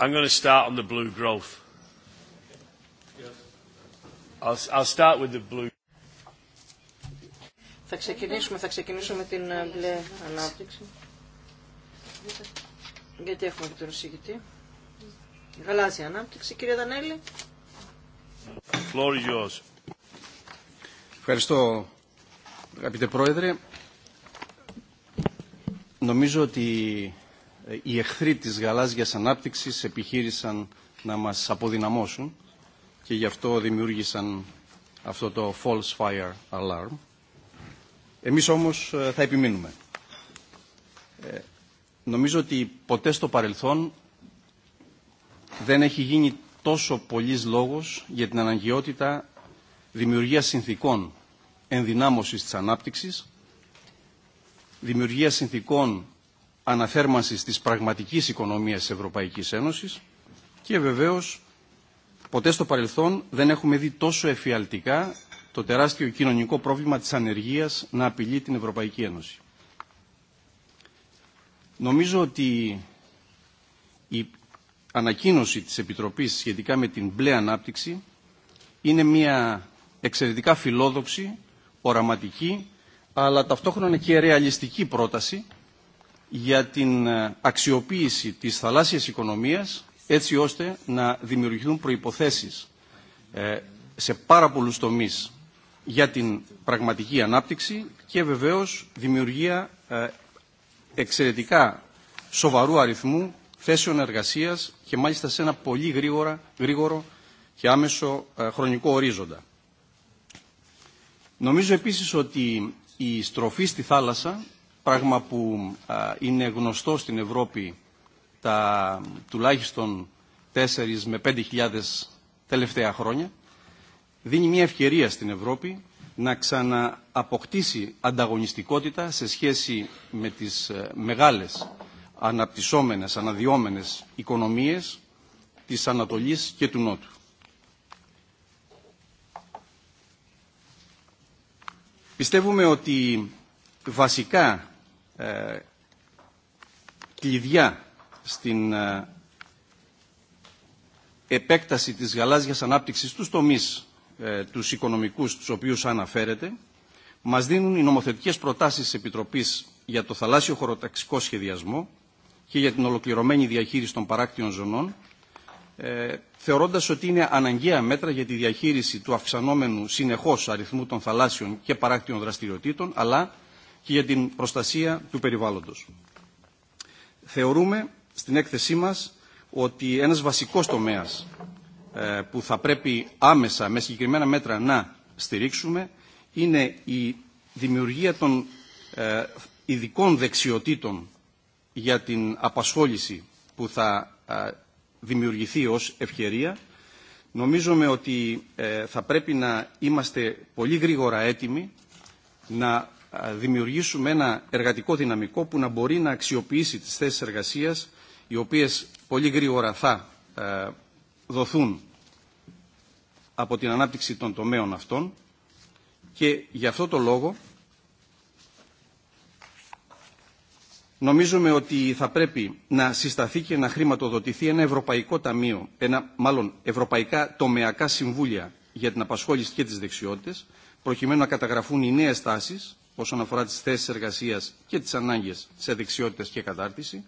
I'm going to start on the blue growth. I'll, I'll start with the blue. Θα ξεκινήσουμε, θα ξεκινήσουμε την ε, μπλε ανάπτυξη. Γιατί έχουμε και τον εισηγητή. Γαλάζια ανάπτυξη, κύριε Δανέλη. Floor Ευχαριστώ, αγαπητέ Πρόεδρε. Νομίζω ότι οι εχθροί της γαλάζιας ανάπτυξης επιχείρησαν να μας αποδυναμώσουν και γι' αυτό δημιούργησαν αυτό το false fire alarm. Εμείς όμως ε, θα επιμείνουμε. Ε, νομίζω ότι ποτέ στο παρελθόν δεν έχει γίνει τόσο πολλής λόγος για την αναγκαιότητα δημιουργίας συνθήκων ενδυνάμωσης της ανάπτυξης, δημιουργίας συνθήκων αναθέρμανσης της πραγματικής οικονομίας της Ευρωπαϊκής Ένωσης και βεβαίως ποτέ στο παρελθόν δεν έχουμε δει τόσο εφιαλτικά το τεράστιο κοινωνικό πρόβλημα της ανεργίας να απειλεί την Ευρωπαϊκή Ένωση. Νομίζω ότι η ανακοίνωση της Επιτροπής σχετικά με την μπλε ανάπτυξη είναι μια εξαιρετικά φιλόδοξη, οραματική, αλλά ταυτόχρονα και ρεαλιστική πρόταση για την ε, αξιοποίηση της θαλάσσιας οικονομίας έτσι ώστε να δημιουργηθούν προϋποθέσεις ε, σε πάρα πολλούς τομείς για την πραγματική ανάπτυξη και βεβαίως δημιουργία ε, εξαιρετικά σοβαρού αριθμού θέσεων εργασίας και μάλιστα σε ένα πολύ γρήγορα, γρήγορο και άμεσο χρονικό ορίζοντα. Νομίζω επίσης ότι η στροφή στη θάλασσα πράγμα που είναι γνωστό στην Ευρώπη τα τουλάχιστον 4 με 5.000 τελευταία χρόνια, δίνει μια ευκαιρία στην Ευρώπη να ξανααποκτήσει ανταγωνιστικότητα σε σχέση με τις ε, μεγάλες αναπτυσσόμενες, αναδιόμενες οικονομίες της Ανατολής και του Νότου. Πιστεύουμε ότι βασικά ε, κλειδιά στην ε, επέκταση της γαλάζιας ανάπτυξης στους τομείς ε, τους οικονομικούς τους οποίους αναφέρεται, μας δίνουν οι νομοθετικές προτάσεις της Επιτροπής για το θαλάσσιο χωροταξικό σχεδιασμό και για την ολοκληρωμένη διαχείριση των παράκτιων ζωνών, θεωρώντας ότι είναι αναγκαία μέτρα για τη διαχείριση του αυξανόμενου συνεχώς αριθμού των θαλάσσιων και παράκτιων δραστηριοτήτων, αλλά και για την προστασία του περιβάλλοντος. Θεωρούμε στην έκθεσή μας ότι ένας βασικός τομέας ε, που θα πρέπει άμεσα με συγκεκριμένα μέτρα να στηρίξουμε είναι η δημιουργία των ε, ειδικών δεξιοτήτων για την απασχόληση που θα ε, δημιουργηθεί ως ευκαιρία. Νομίζουμε ότι θα πρέπει να είμαστε πολύ γρήγορα έτοιμοι να δημιουργήσουμε ένα εργατικό δυναμικό που να μπορεί να αξιοποιήσει τις θέσεις εργασίας οι οποίες πολύ γρήγορα θα δοθούν από την ανάπτυξη των τομέων αυτών και γι' αυτό το λόγο νομίζουμε ότι θα πρέπει να συσταθεί και να χρηματοδοτηθεί ένα ευρωπαϊκό ταμείο, ένα, μάλλον ευρωπαϊκά τομεακά συμβούλια για την απασχόληση και τις δεξιότητες, προκειμένου να καταγραφούν οι νέες τάσεις όσον αφορά τις θέσεις εργασίας και τις ανάγκες σε δεξιότητες και κατάρτιση,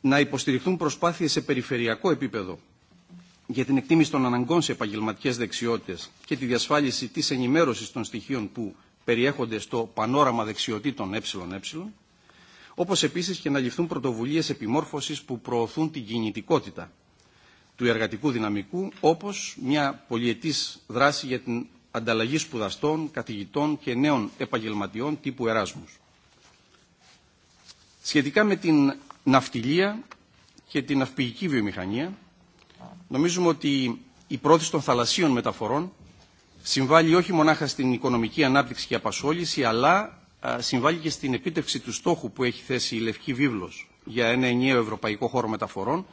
να υποστηριχθούν προσπάθειες σε περιφερειακό επίπεδο για την εκτίμηση των αναγκών σε επαγγελματικέ δεξιότητες και τη διασφάλιση της ενημέρωσης των στοιχείων που περιέχονται στο πανόραμα δεξιοτήτων ΕΕ, όπως επίσης και να ληφθούν πρωτοβουλίες επιμόρφωσης που προωθούν την κινητικότητα του εργατικού δυναμικού, όπως μια πολιετής δράση για την ανταλλαγή σπουδαστών, καθηγητών και νέων επαγγελματιών τύπου Εράσμους. Σχετικά με την ναυτιλία και την ναυπηγική βιομηχανία, νομίζουμε ότι η πρόθεση των θαλασσίων μεταφορών συμβάλλει όχι μονάχα στην οικονομική ανάπτυξη και απασχόληση, αλλά συμβάλλει και στην επίτευξη του στόχου που έχει θέσει η Λευκή Βίβλος για ένα ενιαίο ευρωπαϊκό χώρο μεταφορών,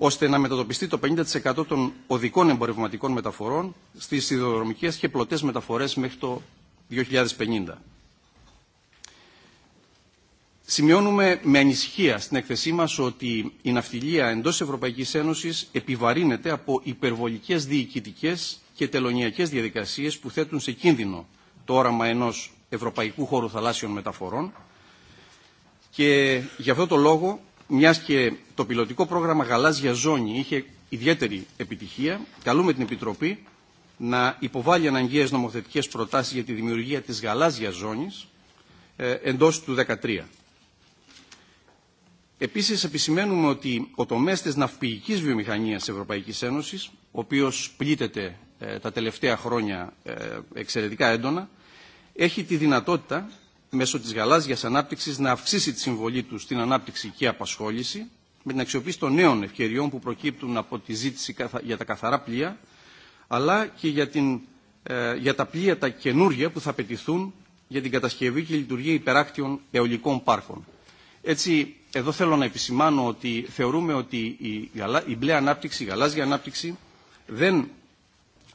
ώστε να μετατοπιστεί το 50% των οδικών εμπορευματικών μεταφορών στις σιδηροδρομικές και πλωτές μεταφορές μέχρι το 2050. Σημειώνουμε με ανησυχία στην εκθεσή μας ότι η ναυτιλία εντός Ευρωπαϊκής Ένωσης επιβαρύνεται από υπερβολικές διοικητικές και τελωνιακές διαδικασίες που θέτουν σε κίνδυνο το όραμα ενός ευρωπαϊκού χώρου θαλάσσιων μεταφορών και γι' αυτό το λόγο μιας και το πιλωτικό πρόγραμμα Γαλάζια Ζώνη είχε ιδιαίτερη επιτυχία, καλούμε την Επιτροπή να υποβάλει αναγκαίες νομοθετικές προτάσεις για τη δημιουργία της «Γαλάζια ζώνης ε, εντός του 2013. Επίσης, επισημαίνουμε ότι ο τομέας της ναυπηγικής βιομηχανίας Ευρωπαϊκής Ένωσης, ο οποίος πλήττεται ε, τα τελευταία χρόνια ε, εξαιρετικά έντονα, έχει τη δυνατότητα μέσω της γαλάζιας ανάπτυξης να αυξήσει τη συμβολή του στην ανάπτυξη και απασχόληση με την αξιοποίηση των νέων ευκαιριών που προκύπτουν από τη ζήτηση για τα καθαρά πλοία αλλά και για, την, ε, για τα πλοία τα καινούργια που θα απαιτηθούν για την κατασκευή και λειτουργία υπεράκτιων αιωλικών πάρκων. Έτσι, εδώ θέλω να επισημάνω ότι θεωρούμε ότι η, η μπλε ανάπτυξη, η γαλάζια ανάπτυξη δεν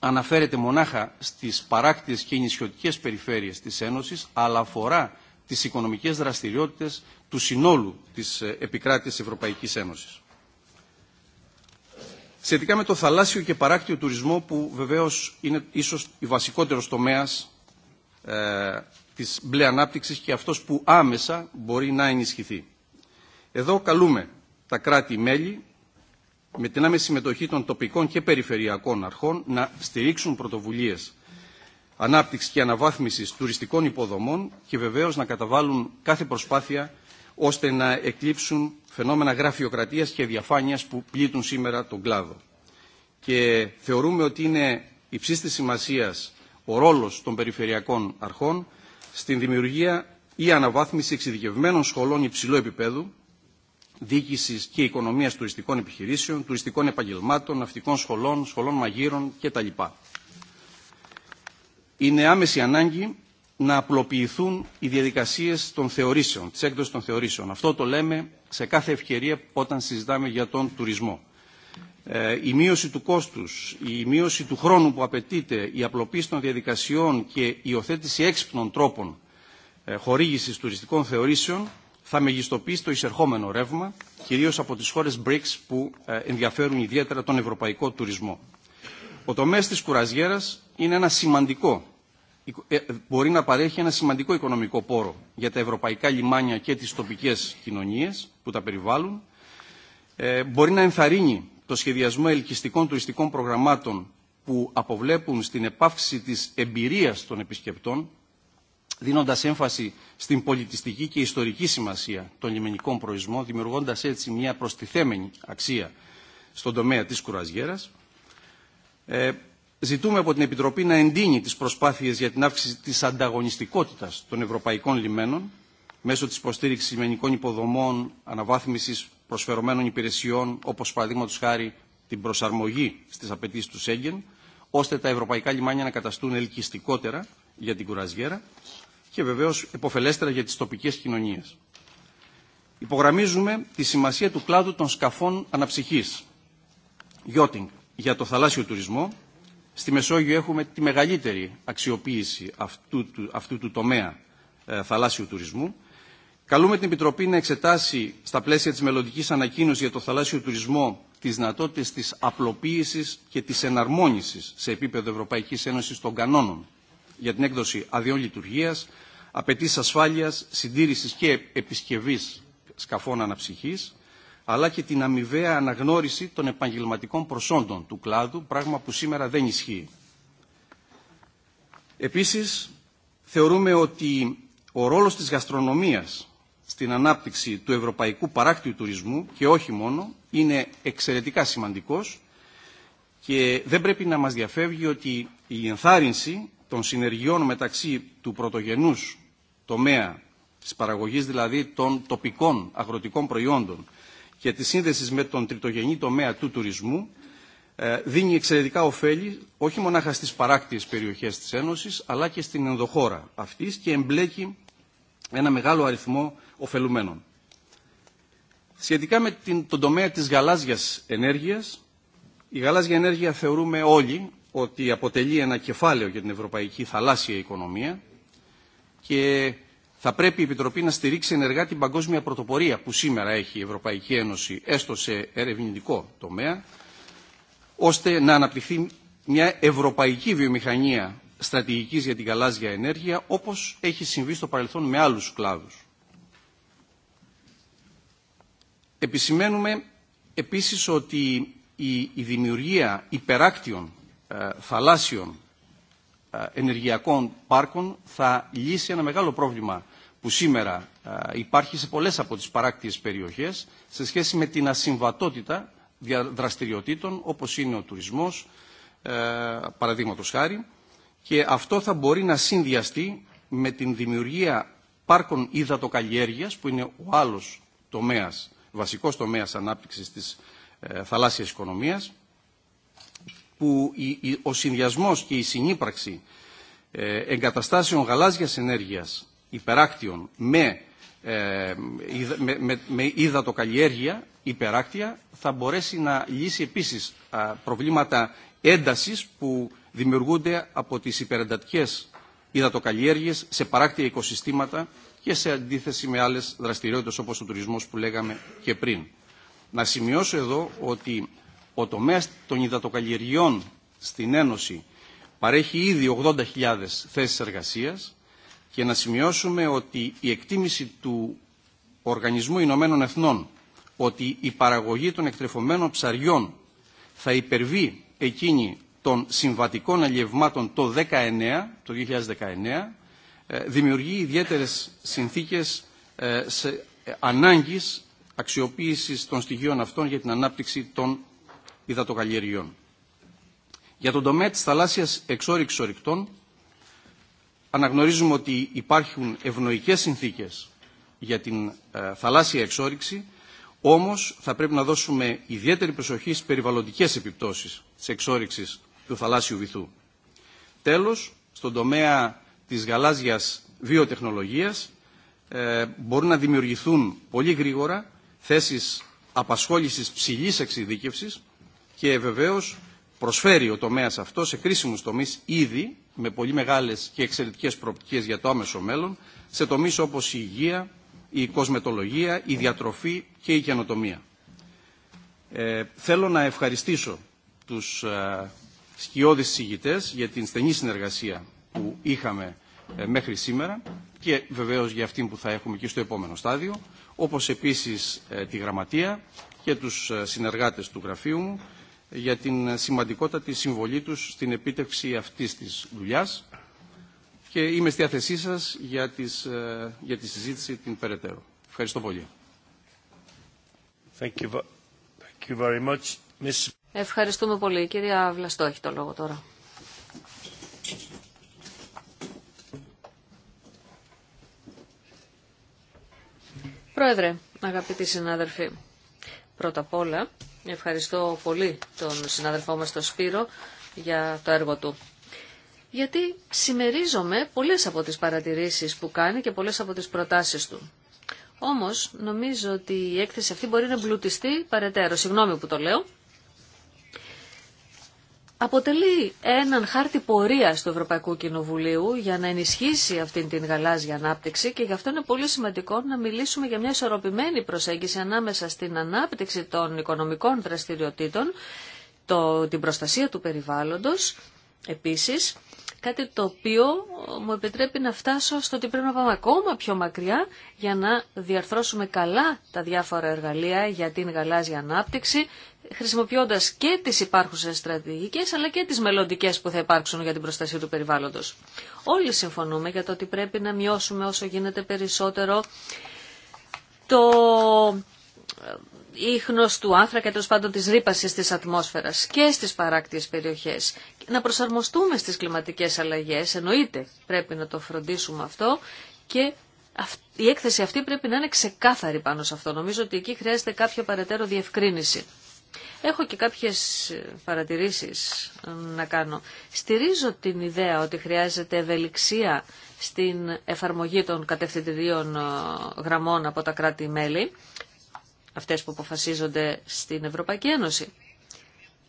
αναφέρεται μονάχα στις παράκτιες και νησιωτικές περιφέρειες της Ένωσης, αλλά αφορά τις οικονομικές δραστηριότητες του συνόλου της ε, επικράτειας Ευρωπαϊκής Ένωσης. Σχετικά με το θαλάσσιο και παράκτιο τουρισμό που βεβαίως είναι ίσως η βασικότερος τομέας ε, της μπλε ανάπτυξης και αυτός που άμεσα μπορεί να ενισχυθεί. Εδώ καλούμε τα κράτη-μέλη με την άμεση συμμετοχή των τοπικών και περιφερειακών αρχών να στηρίξουν πρωτοβουλίες ανάπτυξη και αναβάθμισης τουριστικών υποδομών και βεβαίως να καταβάλουν κάθε προσπάθεια ώστε να εκλείψουν φαινόμενα γραφειοκρατίας και διαφάνειας που πλήττουν σήμερα τον κλάδο. Και θεωρούμε ότι είναι υψίστης σημασίας ο ρόλος των περιφερειακών αρχών στην δημιουργία ή αναβάθμιση εξειδικευμένων σχολών υψηλού επίπεδου διοίκηση και οικονομία τουριστικών επιχειρήσεων, τουριστικών επαγγελμάτων, ναυτικών σχολών, σχολών μαγείρων κτλ. Είναι άμεση ανάγκη να απλοποιηθούν οι διαδικασίε των θεωρήσεων, τη έκδοση των θεωρήσεων. Αυτό το λέμε σε κάθε ευκαιρία όταν συζητάμε για τον τουρισμό. Ε, η μείωση του κόστου, η μείωση του χρόνου που απαιτείται, η απλοποίηση των διαδικασιών και η υιοθέτηση έξυπνων τρόπων ε, χορήγηση τουριστικών θεωρήσεων θα μεγιστοποιήσει το εισερχόμενο ρεύμα, κυρίως από τις χώρες BRICS που ε, ενδιαφέρουν ιδιαίτερα τον ευρωπαϊκό τουρισμό. Ο τομέας της κουραζιέρας είναι ένα σημαντικό, ε, μπορεί να παρέχει ένα σημαντικό οικονομικό πόρο για τα ευρωπαϊκά λιμάνια και τις τοπικές κοινωνίες που τα περιβάλλουν. Ε, μπορεί να ενθαρρύνει το σχεδιασμό ελκυστικών τουριστικών προγραμμάτων που αποβλέπουν στην επάυξη της εμπειρίας των επισκεπτών δίνοντας έμφαση στην πολιτιστική και ιστορική σημασία των λιμενικών προϊσμών, δημιουργώντας έτσι μια προστιθέμενη αξία στον τομέα της κουραζιέρας. Ε, ζητούμε από την Επιτροπή να εντείνει τις προσπάθειες για την αύξηση της ανταγωνιστικότητας των ευρωπαϊκών λιμένων μέσω της υποστήριξης λιμενικών υποδομών, αναβάθμισης προσφερωμένων υπηρεσιών, όπως παραδείγματος χάρη την προσαρμογή στις απαιτήσει του Σέγγεν, ώστε τα ευρωπαϊκά λιμάνια να καταστούν ελκυστικότερα για την κουραζιέρα και βεβαίως εποφελέστερα για τις τοπικές κοινωνίες. Υπογραμμίζουμε τη σημασία του κλάδου των σκαφών αναψυχής, yachting, για το θαλάσσιο τουρισμό. Στη Μεσόγειο έχουμε τη μεγαλύτερη αξιοποίηση αυτού του, αυτού του τομέα ε, θαλάσσιου τουρισμού. Καλούμε την Επιτροπή να εξετάσει στα πλαίσια της μελλοντική ανακοίνωσης για το θαλάσσιο τουρισμό τις δυνατότητες της απλοποίησης και της εναρμόνισης σε επίπεδο Ευρωπαϊκής Ένωσης των κανόνων για την έκδοση αδειών λειτουργία, απαιτήσει ασφάλεια, συντήρηση και επισκευή σκαφών αναψυχή, αλλά και την αμοιβαία αναγνώριση των επαγγελματικών προσόντων του κλάδου, πράγμα που σήμερα δεν ισχύει. Επίσης, θεωρούμε ότι ο ρόλος της γαστρονομίας στην ανάπτυξη του ευρωπαϊκού παράκτηου τουρισμού και όχι μόνο, είναι εξαιρετικά σημαντικός και δεν πρέπει να μας διαφεύγει ότι η ενθάρρυνση των συνεργειών μεταξύ του πρωτογενούς τομέα της παραγωγής δηλαδή των τοπικών αγροτικών προϊόντων και της σύνδεσης με τον τριτογενή τομέα του τουρισμού ε, δίνει εξαιρετικά ωφέλη όχι μονάχα στις παράκτιες περιοχές της Ένωσης αλλά και στην ενδοχώρα αυτής και εμπλέκει ένα μεγάλο αριθμό ωφελουμένων. Σχετικά με τον τομέα της γαλάζιας ενέργειας, η γαλάζια ενέργεια θεωρούμε όλοι ότι αποτελεί ένα κεφάλαιο για την ευρωπαϊκή θαλάσσια οικονομία και θα πρέπει η Επιτροπή να στηρίξει ενεργά την παγκόσμια πρωτοπορία που σήμερα έχει η Ευρωπαϊκή Ένωση, έστω σε ερευνητικό τομέα, ώστε να αναπτυχθεί μια ευρωπαϊκή βιομηχανία στρατηγικής για την καλάζια ενέργεια, όπως έχει συμβεί στο παρελθόν με άλλους κλάδους. Επισημαίνουμε επίσης ότι η, η δημιουργία υπεράκτιων ε, θαλάσσιων ε, ενεργειακών πάρκων θα λύσει ένα μεγάλο πρόβλημα που σήμερα ε, υπάρχει σε πολλές από τις παράκτιες περιοχές σε σχέση με την ασυμβατότητα δραστηριοτήτων όπως είναι ο τουρισμός, παραδείγματος χάρη, και αυτό θα μπορεί να συνδυαστεί με την δημιουργία πάρκων υδατοκαλλιέργειας που είναι ο άλλος τομέας, βασικός τομέας ανάπτυξης της θαλάσσιας οικονομίας που ο συνδυασμός και η συνύπαρξη ε, εγκαταστάσεων γαλάζιας ενέργειας υπεράκτιων με, ε, με, με, με υδατοκαλλιέργεια υπεράκτια θα μπορέσει να λύσει επίσης προβλήματα έντασης που δημιουργούνται από τις υπερεντατικές υδατοκαλλιέργειες σε παράκτια οικοσυστήματα και σε αντίθεση με άλλες δραστηριότητες όπως ο τουρισμός που λέγαμε και πριν. Να σημειώσω εδώ ότι ο τομέας των υδατοκαλλιεργειών στην Ένωση παρέχει ήδη 80.000 θέσεις εργασίας και να σημειώσουμε ότι η εκτίμηση του Οργανισμού Ηνωμένων Εθνών ότι η παραγωγή των εκτρεφωμένων ψαριών θα υπερβεί εκείνη των συμβατικών αλλιευμάτων το 19, το 2019 ε, δημιουργεί ιδιαίτερες συνθήκες ε, σε ε, ανάγκης αξιοποίησης των στοιχείων αυτών για την ανάπτυξη των για τον τομέα της θαλάσσιας εξόριξης ορυκτών, αναγνωρίζουμε ότι υπάρχουν ευνοϊκές συνθήκες για την ε, θαλάσσια εξόριξη, όμως θα πρέπει να δώσουμε ιδιαίτερη προσοχή στις περιβαλλοντικές επιπτώσεις της εξόριξης του θαλάσσιου βυθού. Τέλος, στον τομέα της γαλάζιας βιοτεχνολογίας ε, μπορούν να δημιουργηθούν πολύ γρήγορα θέσεις απασχόλησης ψηλής εξειδίκευσης και βεβαίως προσφέρει ο τομέας αυτό σε κρίσιμου τομείς ήδη με πολύ μεγάλες και εξαιρετικές προοπτικές για το άμεσο μέλλον σε τομείς όπως η υγεία, η κοσμετολογία, η διατροφή και η καινοτομία. Ε, θέλω να ευχαριστήσω τους ε, σκιώδεις για την στενή συνεργασία που είχαμε ε, μέχρι σήμερα και βεβαίως για αυτήν που θα έχουμε και στο επόμενο στάδιο, όπως επίσης ε, τη Γραμματεία και τους συνεργάτες του γραφείου μου για την σημαντικότητα της συμβολή τους στην επίτευξη αυτής της δουλειάς και είμαι στη διάθεσή σας για, τις, ε, για τη συζήτηση την περαιτέρω. Ευχαριστώ πολύ. Thank you. Thank you very much. Ευχαριστούμε πολύ. Κυρία Βλαστό έχει το λόγο τώρα. Πρόεδρε, αγαπητοί συνάδελφοι, πρώτα απ' όλα Ευχαριστώ πολύ τον συναδελφό μας τον Σπύρο για το έργο του. Γιατί συμμερίζομαι πολλές από τις παρατηρήσεις που κάνει και πολλές από τις προτάσεις του. Όμως νομίζω ότι η έκθεση αυτή μπορεί να εμπλουτιστεί παρετέρω. Συγγνώμη που το λέω αποτελεί έναν χάρτη πορεία του Ευρωπαϊκού Κοινοβουλίου για να ενισχύσει αυτήν την γαλάζια ανάπτυξη και γι' αυτό είναι πολύ σημαντικό να μιλήσουμε για μια ισορροπημένη προσέγγιση ανάμεσα στην ανάπτυξη των οικονομικών δραστηριοτήτων, το, την προστασία του περιβάλλοντος επίσης Κάτι το οποίο ε, μου επιτρέπει να φτάσω στο ότι πρέπει να πάμε ακόμα πιο μακριά για να διαρθρώσουμε καλά τα διάφορα εργαλεία για την γαλάζια ανάπτυξη, χρησιμοποιώντας και τις υπάρχουσες στρατηγικές αλλά και τις μελλοντικέ που θα υπάρξουν για την προστασία του περιβάλλοντος. Όλοι συμφωνούμε για το ότι πρέπει να μειώσουμε όσο γίνεται περισσότερο το ε, ίχνος του άνθρακα, τέλο πάντων της ρήπασης της ατμόσφαιρας και στις παράκτιες περιοχές. Να προσαρμοστούμε στις κλιματικές αλλαγές, εννοείται πρέπει να το φροντίσουμε αυτό και η έκθεση αυτή πρέπει να είναι ξεκάθαρη πάνω σε αυτό. Νομίζω ότι εκεί χρειάζεται κάποιο παρετέρω διευκρίνηση. Έχω και κάποιες ε, παρατηρήσεις ε, να κάνω. Στηρίζω την ιδέα ότι χρειάζεται ευελιξία στην εφαρμογή των κατευθυντηρίων ε, γραμμών από τα κράτη-μέλη αυτές που αποφασίζονται στην Ευρωπαϊκή Ένωση.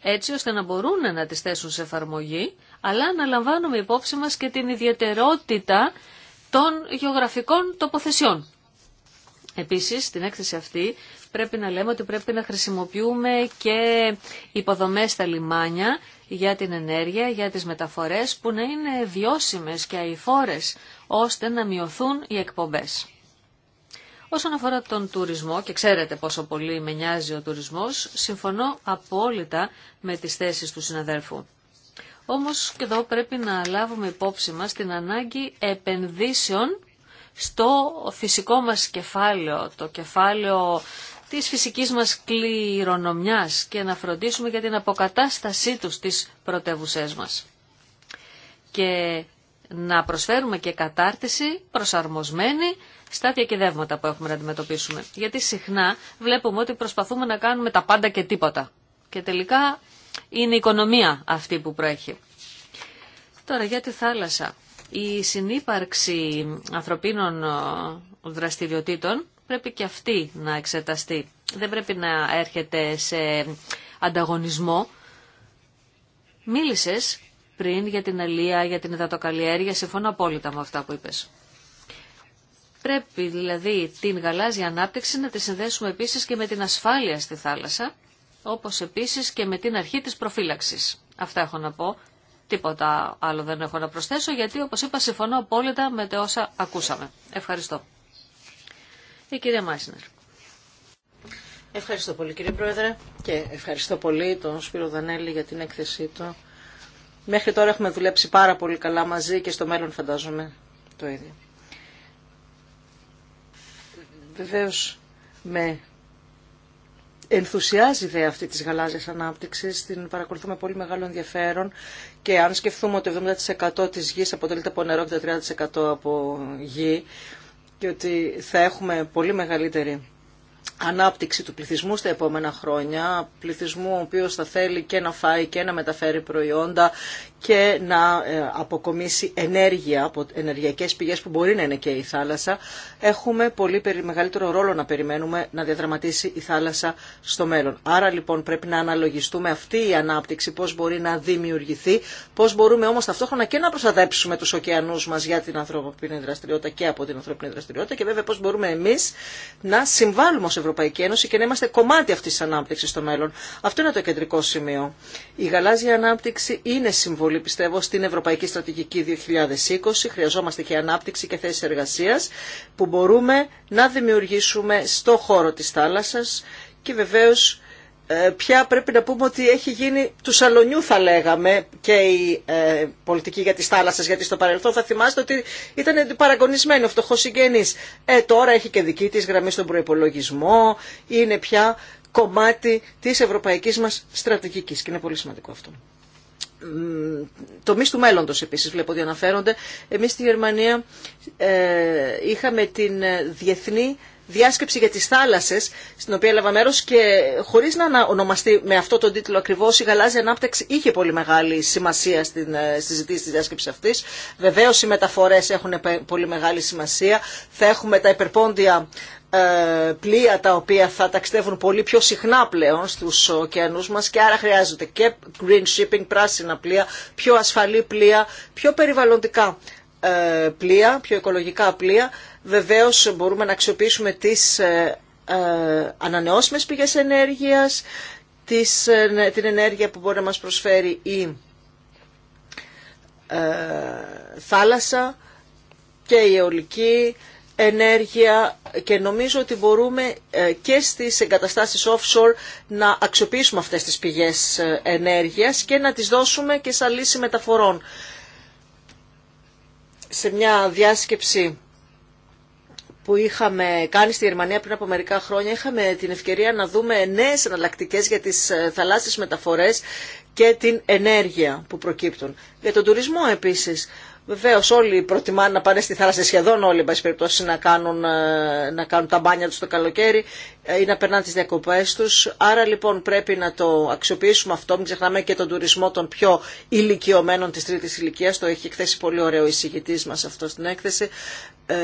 Έτσι ώστε να μπορούν να τις θέσουν σε εφαρμογή, αλλά να λαμβάνουμε υπόψη μας και την ιδιαιτερότητα των γεωγραφικών τοποθεσιών. Επίσης, στην έκθεση αυτή πρέπει να λέμε ότι πρέπει να χρησιμοποιούμε και υποδομές στα λιμάνια για την ενέργεια, για τις μεταφορές που να είναι βιώσιμες και αηφόρες, ώστε να μειωθούν οι εκπομπές. Όσον αφορά τον τουρισμό, και ξέρετε πόσο πολύ με ο τουρισμός, συμφωνώ απόλυτα με τις θέσεις του συναδέλφου. Όμως και εδώ πρέπει να λάβουμε υπόψη μας την ανάγκη επενδύσεων στο φυσικό μας κεφάλαιο, το κεφάλαιο της φυσικής μας κληρονομιάς και να φροντίσουμε για την αποκατάστασή του στις πρωτεύουσές μας. Και να προσφέρουμε και κατάρτιση προσαρμοσμένη και δεύματα που έχουμε να αντιμετωπίσουμε. Γιατί συχνά βλέπουμε ότι προσπαθούμε να κάνουμε τα πάντα και τίποτα. Και τελικά είναι η οικονομία αυτή που προέχει. Τώρα για τη θάλασσα. Η συνύπαρξη ανθρωπίνων ε, δραστηριοτήτων πρέπει και αυτή να εξεταστεί. Δεν πρέπει να έρχεται σε ανταγωνισμό. Μίλησες πριν για την αλία, για την υδατοκαλλιέργεια. Συμφωνώ απόλυτα με αυτά που είπες. Πρέπει δηλαδή την γαλάζια ανάπτυξη να τη συνδέσουμε επίσης και με την ασφάλεια στη θάλασσα, όπως επίσης και με την αρχή της προφύλαξης. Αυτά έχω να πω. Τίποτα άλλο δεν έχω να προσθέσω, γιατί όπως είπα συμφωνώ απόλυτα με τα όσα ακούσαμε. Ευχαριστώ. Η κυρία Μάισνερ. Ευχαριστώ πολύ κύριε Πρόεδρε και ευχαριστώ πολύ τον Σπύρο Δανέλη για την έκθεσή του. Μέχρι τώρα έχουμε δουλέψει πάρα πολύ καλά μαζί και στο μέλλον φαντάζομαι το ίδιο. Βεβαίως με ενθουσιάζει δε αυτή της γαλάζιας ανάπτυξης, την παρακολουθούμε πολύ μεγάλο ενδιαφέρον και αν σκεφτούμε ότι 70% της γης αποτελείται από νερό και 30% από γη και ότι θα έχουμε πολύ μεγαλύτερη ανάπτυξη του πληθυσμού στα επόμενα χρόνια, πληθυσμού ο οποίος θα θέλει και να φάει και να μεταφέρει προϊόντα και να ε, αποκομίσει ενέργεια από ενεργειακές πηγές που μπορεί να είναι και η θάλασσα, έχουμε πολύ μεγαλύτερο ρόλο να περιμένουμε να διαδραματίσει η θάλασσα στο μέλλον. Άρα λοιπόν πρέπει να αναλογιστούμε αυτή η ανάπτυξη, πώς μπορεί να δημιουργηθεί, πώς μπορούμε όμως ταυτόχρονα και να προστατέψουμε τους ωκεανούς μας για την ανθρώπινη δραστηριότητα και από την ανθρώπινη δραστηριότητα και βέβαια πώς μπορούμε εμείς να συμβάλλουμε ως Ευρωπαϊκή Ένωση και να είμαστε κομμάτι αυτής της ανάπτυξης στο μέλλον. Αυτό είναι το κεντρικό σημείο. Η γαλάζια ανάπτυξη είναι συμβολή πολύ πιστεύω στην Ευρωπαϊκή Στρατηγική 2020. Χρειαζόμαστε και ανάπτυξη και θέσεις εργασίας που μπορούμε να δημιουργήσουμε στο χώρο της θάλασσας και βεβαίως ε, πια πρέπει να πούμε ότι έχει γίνει του σαλονιού θα λέγαμε και η ε, πολιτική για τις θάλασσες γιατί στο παρελθόν θα θυμάστε ότι ήταν παραγωνισμένο ο ε, τώρα έχει και δική της γραμμή στον προϋπολογισμό, είναι πια κομμάτι της ευρωπαϊκής μας στρατηγικής και είναι πολύ σημαντικό αυτό τομείς του μέλλοντος επίσης βλέπω ότι αναφέρονται. Εμείς στη Γερμανία ε, είχαμε την διεθνή διάσκεψη για τις θάλασσες, στην οποία έλαβα μέρος και χωρίς να ονομαστεί με αυτό τον τίτλο ακριβώς, η γαλάζια ανάπτυξη είχε πολύ μεγάλη σημασία στην ε, συζητήση της διάσκεψης αυτής. Βεβαίως οι μεταφορές έχουν πολύ μεγάλη σημασία. Θα έχουμε τα υπερπόντια ε, πλοία τα οποία θα ταξιδεύουν πολύ πιο συχνά πλέον στους ωκεανούς μας και άρα χρειάζονται και green shipping, πράσινα πλοία, πιο ασφαλή πλοία, πιο περιβαλλοντικά ε, πλοία, πιο οικολογικά πλοία. Βεβαίως μπορούμε να αξιοποιήσουμε τις ε, ανανεώσιμες πηγές ενέργειας, ναι, την ενέργεια που μπορεί να μας προσφέρει η θάλασσα και η αιωλική ενέργεια και νομίζω ότι μπορούμε ε, και στις εγκαταστάσεις offshore να αξιοποιήσουμε αυτές τις πηγές ε, ενέργειας και να τις δώσουμε και σαν λύση μεταφορών. Σε μια διάσκεψη που είχαμε κάνει στη Γερμανία πριν από μερικά χρόνια, είχαμε την ευκαιρία να δούμε νέες εναλλακτικέ για τις ε, θαλάσσιες μεταφορές και την ενέργεια που προκύπτουν. Για τον τουρισμό επίσης, Βεβαίω όλοι προτιμάνε να πάνε στη θάλασσα, σχεδόν όλοι, εν πάση περιπτώσει, να κάνουν, ε, να κάνουν τα μπάνια του το καλοκαίρι ε, ή να περνάνε τι διακοπέ του. Άρα λοιπόν πρέπει να το αξιοποιήσουμε αυτό. Μην ξεχνάμε και τον τουρισμό των πιο ηλικιωμένων τη τρίτη ηλικία. Το έχει εκθέσει πολύ ωραίο ο μα αυτό στην έκθεση. Ε,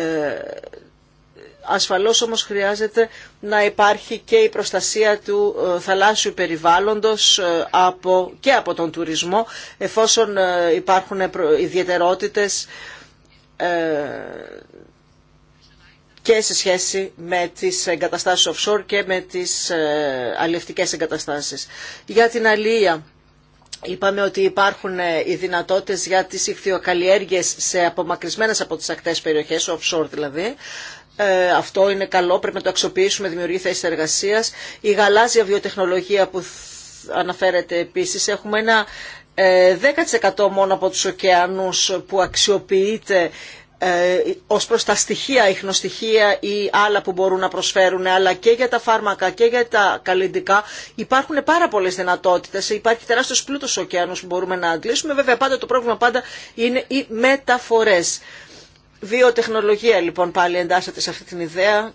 Ασφαλώς όμως χρειάζεται να υπάρχει και η προστασία του ε, θαλάσσιου περιβάλλοντος ε, από, και από τον τουρισμό εφόσον ε, υπάρχουν ιδιαιτερότητες και σε σχέση με τις εγκαταστάσεις offshore και με τις αλληλευτικές εγκαταστάσεις. Για την αλληλεία. Είπαμε ότι υπάρχουν οι δυνατότητες για τις ηχθειοκαλλιέργειες σε απομακρυσμένες από τις ακτές περιοχές, offshore δηλαδή. Ε, αυτό είναι καλό, πρέπει να το αξιοποιήσουμε, δημιουργεί θέσει εργασία. Η γαλάζια βιοτεχνολογία που αναφέρεται επίσης, έχουμε ένα 10% ε, μόνο από τους ωκεανούς που αξιοποιείται ε, ως προς τα στοιχεία, ηχνοστοιχεία ή άλλα που μπορούν να προσφέρουν, αλλά και για τα φάρμακα και για τα καλλιντικά υπάρχουν πάρα πολλές δυνατότητες. Υπάρχει τεράστιος πλούτος ωκεανούς που μπορούμε να αντλήσουμε. Βέβαια πάντα το πρόβλημα πάντα είναι οι μεταφορές. Βιοτεχνολογία λοιπόν πάλι εντάσσεται σε αυτή την ιδέα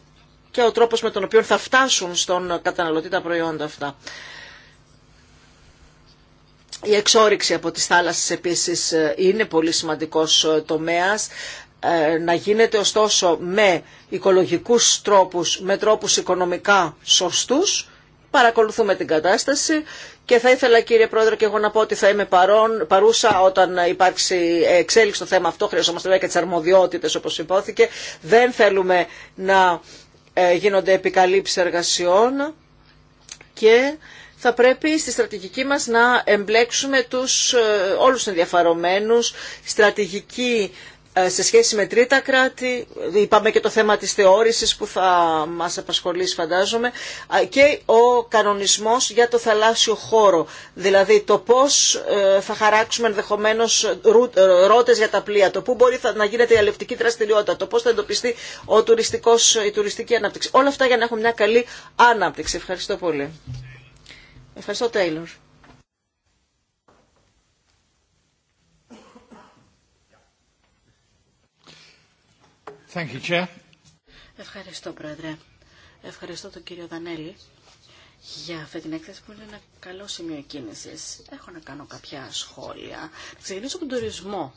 και ο τρόπος με τον οποίο θα φτάσουν στον καταναλωτή τα προϊόντα αυτά. Η εξόριξη από τις θάλασσες επίσης είναι πολύ σημαντικός ε, τομέας ε, να γίνεται ωστόσο με οικολογικούς τρόπους, με τρόπους οικονομικά σωστούς. Παρακολουθούμε την κατάσταση και θα ήθελα κύριε Πρόεδρε και εγώ να πω ότι θα είμαι παρόν, παρούσα όταν υπάρξει εξέλιξη στο θέμα αυτό. Χρειαζόμαστε βέβαια και τι αρμοδιότητε όπω υπόθηκε. Δεν θέλουμε να ε, γίνονται επικαλύψεις εργασιών και θα πρέπει στη στρατηγική μας να εμπλέξουμε τους, ε, όλους τους ενδιαφαρομένους, στρατηγική ε, σε σχέση με τρίτα κράτη, είπαμε και το θέμα της θεώρησης που θα μας απασχολήσει φαντάζομαι, και ο κανονισμός για το θαλάσσιο χώρο, δηλαδή το πώς ε, θα χαράξουμε ενδεχομένω ε, ρότες για τα πλοία, το πού μπορεί να γίνεται η αλευτική δραστηριότητα, το πώς θα εντοπιστεί ο τουριστικός, η τουριστική ανάπτυξη. Όλα αυτά για να έχουμε μια καλή ανάπτυξη. Ευχαριστώ πολύ. Ευχαριστώ Τέιλορ. Ευχαριστώ, Πρόεδρε. Ευχαριστώ τον κύριο Δανέλη για αυτή την έκθεση που είναι ένα καλό σημείο κίνηση. Έχω να κάνω κάποια σχόλια. Θα ξεκινήσω από τον τουρισμό,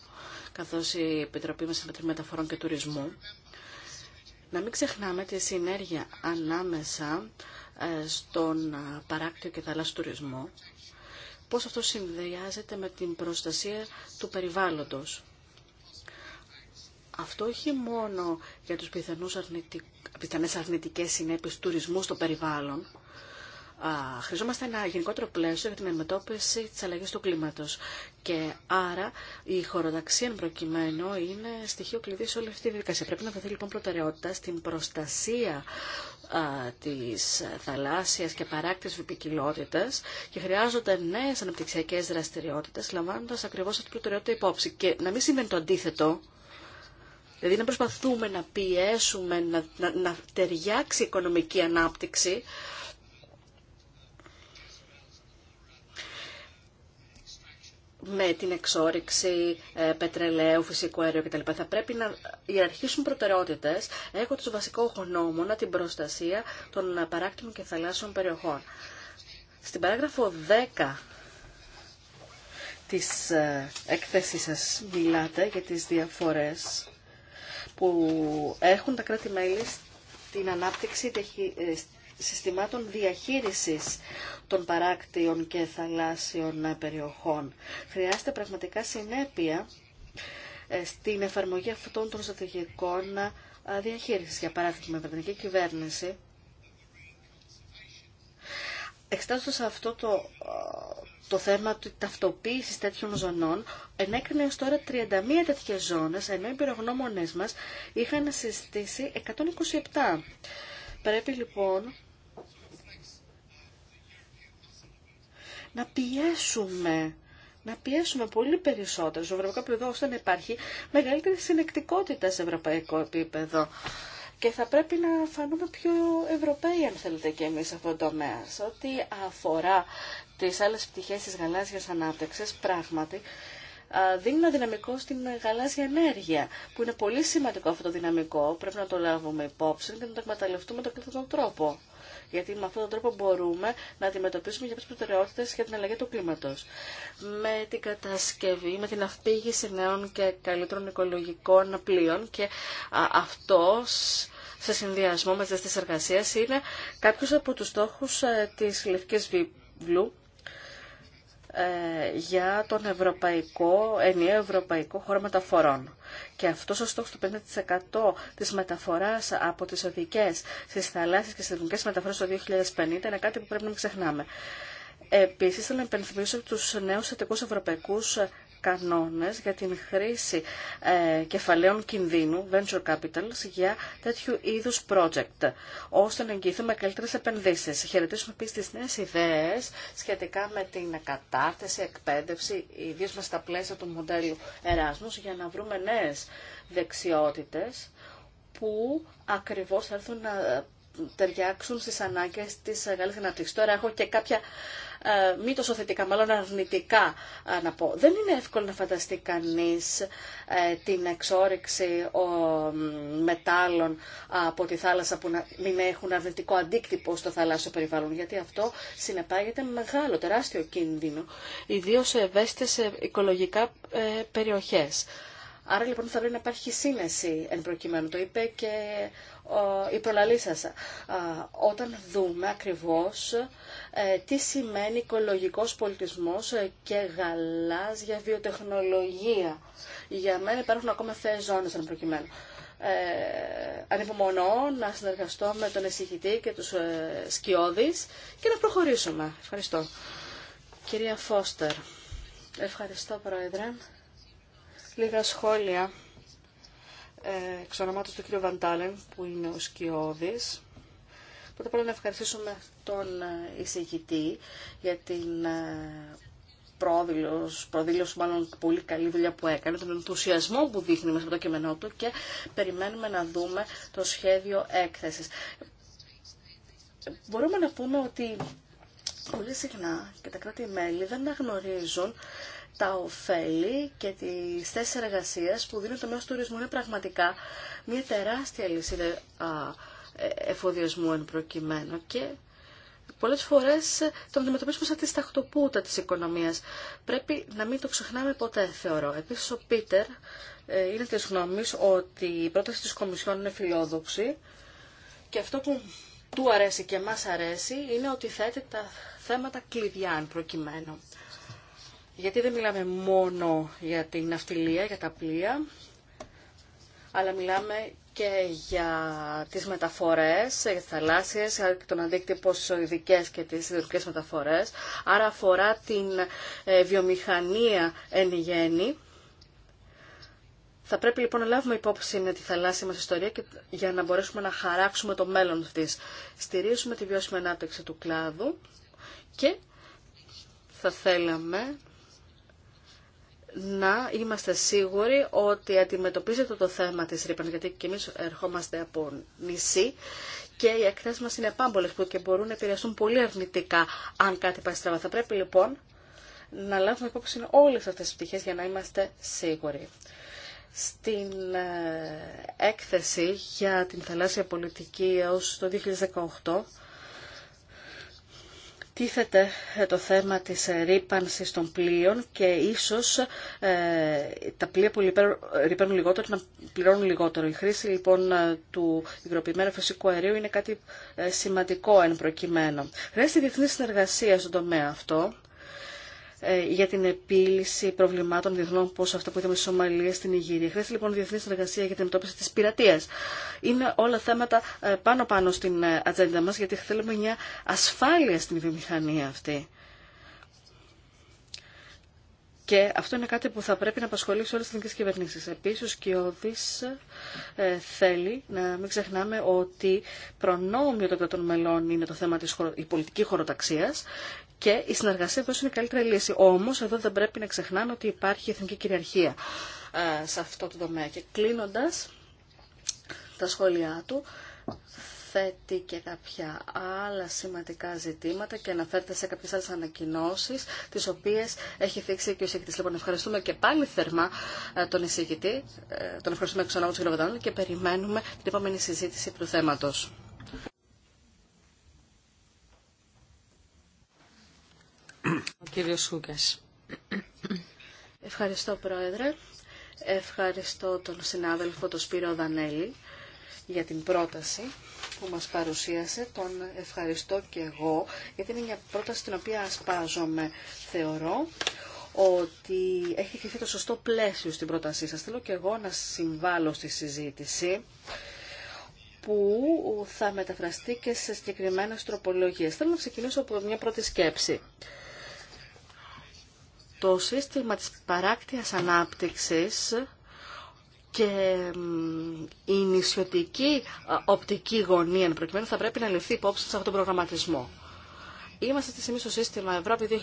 καθώς η Επιτροπή μας Μεταφορών και Τουρισμού. Να μην ξεχνάμε τη συνέργεια ανάμεσα ε, στον ε, παράκτιο και θαλάσσιο τουρισμό, πώς αυτό συνδυάζεται με την προστασία του περιβάλλοντος. Αυτό όχι μόνο για τους πιθανούς αρνητικ... πιθανές αρνητικές συνέπειες τουρισμού στο περιβάλλον. Χρειαζόμαστε ένα γενικότερο πλαίσιο για την αντιμετώπιση της αλλαγής του κλίματος. Και άρα η χωροταξία εν προκειμένου είναι στοιχείο κλειδί σε όλη αυτή τη διαδικασία. Πρέπει να δοθεί λοιπόν προτεραιότητα στην προστασία της θαλάσσιας και παράκτης βιπικιλότητας και χρειάζονται νέες αναπτυξιακές δραστηριότητες λαμβάνοντας ακριβώς αυτή την προτεραιότητα υπόψη. Και να μην σημαίνει το αντίθετο, Δηλαδή να προσπαθούμε να πιέσουμε, να, να, να ταιριάξει η οικονομική ανάπτυξη με την εξόριξη ε, πετρελαίου, φυσικού αερίου κτλ. Θα πρέπει να ιεραρχήσουν προτεραιότητες έχω το βασικό γνώμονα την προστασία των παράκτημων και θαλάσσιων περιοχών. Στην παράγραφο 10 της ε, έκθεσης σας μιλάτε για τις διαφορές που έχουν τα κράτη-μέλη στην ανάπτυξη ε, συστημάτων διαχείρισης των παράκτιων και θαλάσσιων ε, περιοχών. Χρειάζεται πραγματικά συνέπεια ε, στην εφαρμογή αυτών των στρατηγικών διαχείρισης. Για παράδειγμα, η Βρετανική κυβέρνηση εξετάζοντα αυτό το, θέμα τη ταυτοποίηση τέτοιων ζωνών, ενέκρινε έως τώρα 31 τέτοιες ζώνες, ενώ οι πυρογνώμονε μα, είχαν συστήσει 127. Πρέπει λοιπόν να πιέσουμε να πιέσουμε πολύ περισσότερο στο ευρωπαϊκό επίπεδο ώστε να υπάρχει μεγαλύτερη συνεκτικότητα σε ευρωπαϊκό επίπεδο και θα πρέπει να φανούμε πιο Ευρωπαίοι, αν θέλετε, και εμείς αυτό το το ό,τι αφορά τις άλλες πτυχές της γαλάζιας ανάπτυξης, πράγματι, δίνει ένα δυναμικό στην γαλάζια ενέργεια, που είναι πολύ σημαντικό αυτό το δυναμικό, πρέπει να το λάβουμε υπόψη και να το εκμεταλλευτούμε τον τρόπο. Γιατί με αυτόν τον τρόπο μπορούμε να αντιμετωπίσουμε για τι προτεραιότητε για την αλλαγή του κλίματο. Με την κατασκευή, με την αυπήγηση νέων και καλύτερων οικολογικών πλοίων και αυτό σε συνδυασμό με τις εργασία, είναι κάποιο από τους στόχους ε, τη Λευκής Βίβλου ε, για τον ευρωπαϊκό, ενιαίο ευρωπαϊκό χώρο μεταφορών. Και αυτό ο στόχο του 50% της μεταφοράς από τις οδικέ στις θαλάσσιες και στι εθνικές μεταφορέ το 2050 είναι κάτι που πρέπει να μην ξεχνάμε. Επίση, θέλω να υπενθυμίσω τους νέους θετικούς ευρωπαϊκούς κανόνες για την χρήση ε, κεφαλαίων κινδύνου, venture capital για τέτοιου είδους project, ώστε να εγγυηθούμε καλύτερες επενδύσεις. Χαιρετήσουμε επίσης τις νέες ιδέες σχετικά με την κατάρτιση, εκπαίδευση, ιδίως μας στα πλαίσια του μοντέλου Εράσμους, για να βρούμε νέες δεξιότητες που ακριβώς έρθουν να ταιριάξουν στις ανάγκες της μεγάλης Αναπτύξης. Τώρα έχω και κάποια ε, μη τόσο θετικά, μάλλον αρνητικά ε, να πω. Δεν είναι εύκολο να φανταστεί κανείς ε, την εξόρυξη μετάλλων από τη θάλασσα που να μην έχουν αρνητικό αντίκτυπο στο θαλάσσιο περιβάλλον, γιατί αυτό συνεπάγεται μεγάλο, τεράστιο κίνδυνο, ιδίως σε ευαίσθητες οικολογικά περιοχές. Άρα λοιπόν θα πρέπει να υπάρχει σύνεση εν προκειμένου. Το είπε και η προλαλή σα. Όταν δούμε ακριβώς ε, τι σημαίνει οικολογικός πολιτισμός ε, και γαλάζια βιοτεχνολογία. Για μένα υπάρχουν ακόμα θέες ζώνες εν προκειμένου. Ε, ανυπομονώ να συνεργαστώ με τον εισηγητή και τους ε, και να προχωρήσουμε. Ευχαριστώ. Κυρία Φώστερ. Ευχαριστώ, Πρόεδρε. Λίγα σχόλια ε, εξ ονομάτως του κ. Βαντάλεν, που είναι ο Σκιώδης. Πρώτα απ' να ευχαριστήσουμε τον ε, εισηγητή για την ε, πρόδειλος, προδήλωση μάλλον πολύ καλή δουλειά που έκανε, τον ενθουσιασμό που δείχνει μέσα από το κείμενό του και περιμένουμε να δούμε το σχέδιο έκθεσης. Μπορούμε να πούμε ότι πολύ συχνά και τα κράτη-μέλη δεν αναγνωρίζουν τα ωφέλη και τις θέσεις εργασίας που δίνουν το μέσο τουρισμού. Είναι πραγματικά μια τεράστια λυσίδα ε, εφοδιασμού εν προκειμένου και πολλές φορές το αντιμετωπίζουμε σαν τη σταχτοπούτα της οικονομίας. Πρέπει να μην το ξεχνάμε ποτέ, θεωρώ. Επίσης, ο Πίτερ ε, είναι της γνώμης ότι η πρόταση της Κομισιόν είναι φιλόδοξη και αυτό που του αρέσει και μας αρέσει είναι ότι θέτει τα θέματα κλειδιά εν προκειμένου. Γιατί δεν μιλάμε μόνο για την ναυτιλία, για τα πλοία, αλλά μιλάμε και για τις μεταφορές, για τις θαλάσσιες, και τον αντίκτυπο στις οδικές και τις ιδρυτικές μεταφορές. Άρα αφορά την ε, βιομηχανία εν γέννη. Θα πρέπει λοιπόν να λάβουμε υπόψη με τη θαλάσσια μας ιστορία και για να μπορέσουμε να χαράξουμε το μέλλον τη. Στηρίζουμε τη βιώσιμη ανάπτυξη του κλάδου και θα θέλαμε να είμαστε σίγουροι ότι αντιμετωπίζεται το θέμα της ρήπανσης, γιατί και εμείς ερχόμαστε από νησί και οι εκθέσεις μας είναι πάμπολες που και μπορούν να επηρεαστούν πολύ αρνητικά αν κάτι πάει στραβά. Θα πρέπει λοιπόν να λάβουμε υπόψη όλες αυτές τις πτυχές για να είμαστε σίγουροι. Στην ε, έκθεση για την θαλάσσια πολιτική έως το 2018 τίθεται το θέμα της ε, ρήπανση των πλοίων και ίσως ε, τα πλοία που ρηπαίνουν λιγότερο να πληρώνουν λιγότερο. Η χρήση λοιπόν ε, του υγροποιημένου φυσικού αερίου είναι κάτι ε, σημαντικό εν προκειμένου. Χρειάζεται διεθνή συνεργασία στον τομέα αυτό ε, για την επίλυση προβλημάτων διεθνών όπω αυτό που είδαμε στη Σομαλία, στην Ιγυρία. Χρειάζεται λοιπόν διεθνή συνεργασία για την αντιμετώπιση τη πειρατεία. Είναι όλα θέματα πάνω-πάνω ε, στην ε, ατζέντα μα γιατί θέλουμε μια ασφάλεια στην βιομηχανία αυτή. Και αυτό είναι κάτι που θα πρέπει να απασχολήσει όλε τι εθνικέ κυβερνήσει. Επίση, ο Σκιώδη θέλει να μην ξεχνάμε ότι προνόμιο των κρατών μελών είναι το θέμα τη χωρο... πολιτική χωροταξία και η συνεργασία εδώ είναι η καλύτερη λύση. Όμω εδώ δεν πρέπει να ξεχνάμε ότι υπάρχει εθνική κυριαρχία ε, σε αυτό το τομέα. Και κλείνοντα τα σχόλιά του, θέτει και κάποια άλλα σημαντικά ζητήματα και αναφέρεται σε κάποιες άλλες ανακοινώσεις τις οποίες έχει θίξει και ο εισηγητής. Λοιπόν, ευχαριστούμε και πάλι θερμά ε, τον εισηγητή, ε, τον ευχαριστούμε εξ του του και περιμένουμε την επόμενη συζήτηση του θέματος. Ευχαριστώ Πρόεδρε. Ευχαριστώ τον συνάδελφο τον Σπύρο Δανέλη για την πρόταση που μας παρουσίασε. Τον ευχαριστώ και εγώ γιατί είναι μια πρόταση την οποία ασπάζομαι θεωρώ ότι έχει χρηθεί το σωστό πλαίσιο στην πρότασή σας. Θέλω και εγώ να συμβάλλω στη συζήτηση που θα μεταφραστεί και σε συγκεκριμένες τροπολογίες. Θέλω να ξεκινήσω από μια πρώτη σκέψη το σύστημα της παράκτιας ανάπτυξης και η νησιωτική ε, οπτική γωνία προκειμένου θα πρέπει να ληφθεί υπόψη σε αυτόν τον προγραμματισμό. Είμαστε στη στιγμή στο σύστημα Ευρώπη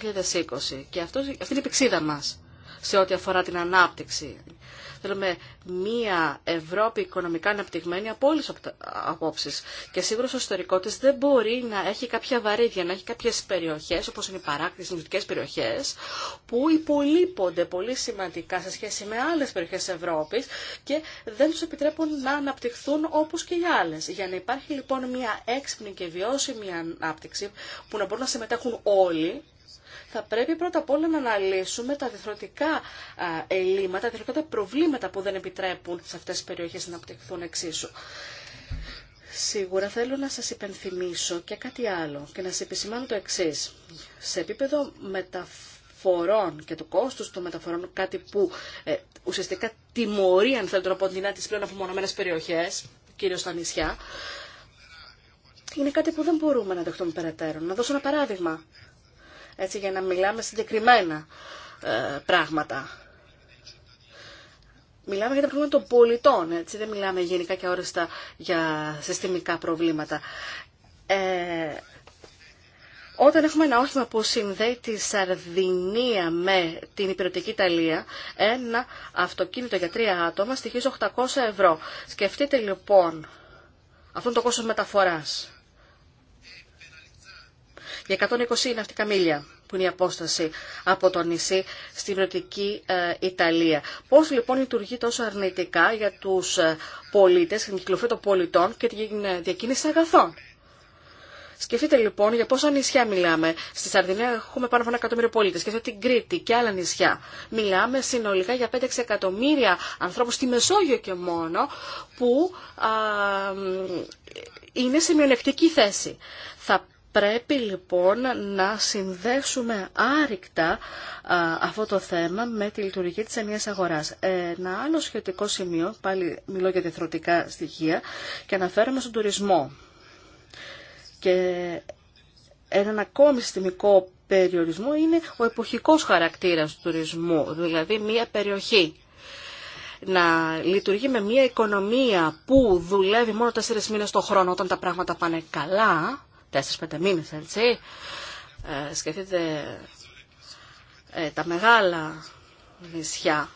2020 και αυτό, αυτή είναι η πηξίδα μας σε ό,τι αφορά την ανάπτυξη. Θέλουμε μία Ευρώπη οικονομικά αναπτυγμένη από όλες τις απόψεις. Και σίγουρα στο ιστορικό της δεν μπορεί να έχει κάποια βαρύδια, να έχει κάποιες περιοχές, όπως είναι οι παράκτης, οι περιοχές, που υπολείπονται πολύ σημαντικά σε σχέση με άλλες περιοχές Ευρώπης και δεν τους επιτρέπουν να αναπτυχθούν όπως και οι άλλες. Για να υπάρχει λοιπόν μία έξυπνη και βιώσιμη ανάπτυξη που να μπορούν να συμμετέχουν όλοι, θα πρέπει πρώτα απ' όλα να αναλύσουμε τα διεθνωτικά ελλείμματα, τα διθρωτικά προβλήματα που δεν επιτρέπουν σε αυτές τις περιοχές να αποτεχθούν εξίσου. Σίγουρα θέλω να σας υπενθυμίσω και κάτι άλλο και να σας επισημάνω το εξή. Σε επίπεδο μεταφορών και του κόστου των μεταφορών, κάτι που ε, ουσιαστικά τιμωρεί, αν θέλετε να πω, την τις πλέον απομονωμένες περιοχές, κυρίως στα νησιά, είναι κάτι που δεν μπορούμε να δεχτούμε περαιτέρω. Να δώσω ένα παράδειγμα έτσι για να μιλάμε συγκεκριμένα ε, πράγματα. Μιλάμε για τα προβλήματα των πολιτών, έτσι δεν μιλάμε γενικά και όριστα για συστημικά προβλήματα. Ε, όταν έχουμε ένα όχημα που συνδέει τη Σαρδινία με την υπηρετική Ιταλία, ένα αυτοκίνητο για τρία άτομα στοιχίζει 800 ευρώ. Σκεφτείτε λοιπόν αυτόν το κόστος μεταφοράς για 120 ναυτικά μίλια που είναι η απόσταση από το νησί στη Βρετική ε, Ιταλία. Πώς λοιπόν λειτουργεί τόσο αρνητικά για τους ε, πολίτες, την κυκλοφορία των πολιτών και την ε, διακίνηση αγαθών. Σκεφτείτε λοιπόν για πόσα νησιά μιλάμε. Στη Σαρδινία έχουμε πάνω από ένα εκατομμύριο πολίτε. Σκεφτείτε την Κρήτη και άλλα νησιά. Μιλάμε συνολικά για 5-6 εκατομμύρια ανθρώπου στη Μεσόγειο και μόνο που α, είναι σε μειονεκτική θέση πρέπει λοιπόν να συνδέσουμε άρρηκτα αυτό το θέμα με τη λειτουργία της ενίας αγοράς. Ένα άλλο σχετικό σημείο, πάλι μιλώ για διεθρωτικά στοιχεία, και αναφέρομαι στον τουρισμό. Και έναν ακόμη συστημικό περιορισμό είναι ο εποχικός χαρακτήρας του τουρισμού, δηλαδή μία περιοχή να λειτουργεί με μια οικονομία που δουλεύει μόνο τέσσερις μήνες το χρόνο όταν τα πράγματα πάνε καλά, 4-5 μήνες, έτσι. Ε, σκεφτείτε ε, τα μεγάλα νησιά.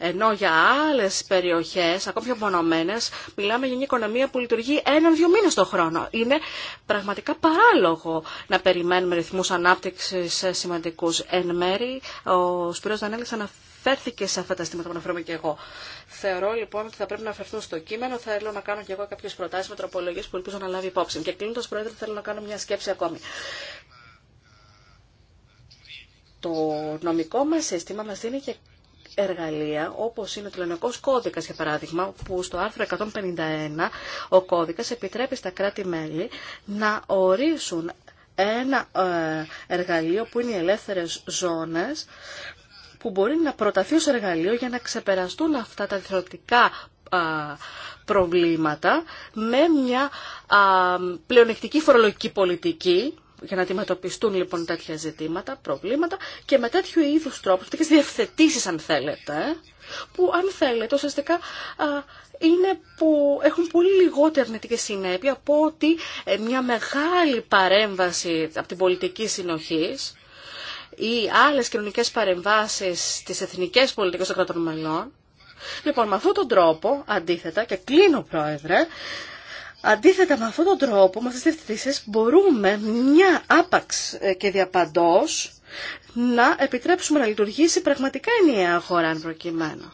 Ενώ για άλλες περιοχές, ακόμη πιο μονομένες, μιλάμε για μια οικονομία που λειτουργεί έναν-δύο μήνες το χρόνο. Είναι πραγματικά παράλογο να περιμένουμε ρυθμούς ανάπτυξης σημαντικούς. Εν μέρη, ο Σπύρος Δανέλης αναφέρει αναφέρθηκε σε αυτά τα αισθήματα που αναφέρομαι και εγώ. Θεωρώ λοιπόν ότι θα πρέπει να αφαιρθούν στο κείμενο. Θέλω να κάνω και εγώ κάποιε προτάσει με τροπολογίε που ελπίζω να λάβει υπόψη. Και κλείνοντα, Πρόεδρε, θέλω να κάνω μια σκέψη ακόμη. Το νομικό μα σύστημα μα δίνει και εργαλεία, όπω είναι ο Τηλενικός κώδικα, για παράδειγμα, που στο άρθρο 151 ο κώδικα επιτρέπει στα κράτη-μέλη να ορίσουν ένα ε, εργαλείο που είναι οι ελεύθερες ζώνες που μπορεί να προταθεί ως εργαλείο για να ξεπεραστούν αυτά τα διθρωτικά προβλήματα με μια πλεονεκτική φορολογική πολιτική για να αντιμετωπιστούν λοιπόν τέτοια ζητήματα, προβλήματα και με τέτοιου είδου τρόπου, τέτοιε διευθετήσει αν θέλετε, που αν θέλετε ουσιαστικά είναι που έχουν πολύ λιγότερη αρνητική συνέπεια από ότι ε, μια μεγάλη παρέμβαση από την πολιτική συνοχής ή άλλε κοινωνικέ παρεμβάσει στι εθνικέ πολιτικέ των κρατών μελών. Λοιπόν, με αυτόν τον τρόπο, αντίθετα, και κλείνω πρόεδρε, αντίθετα με αυτόν τον τρόπο, με αυτέ τι διευθυντησει μπορούμε μια άπαξ ε, και διαπαντό να επιτρέψουμε να λειτουργήσει πραγματικά ενιαία χώρα αν προκειμένου.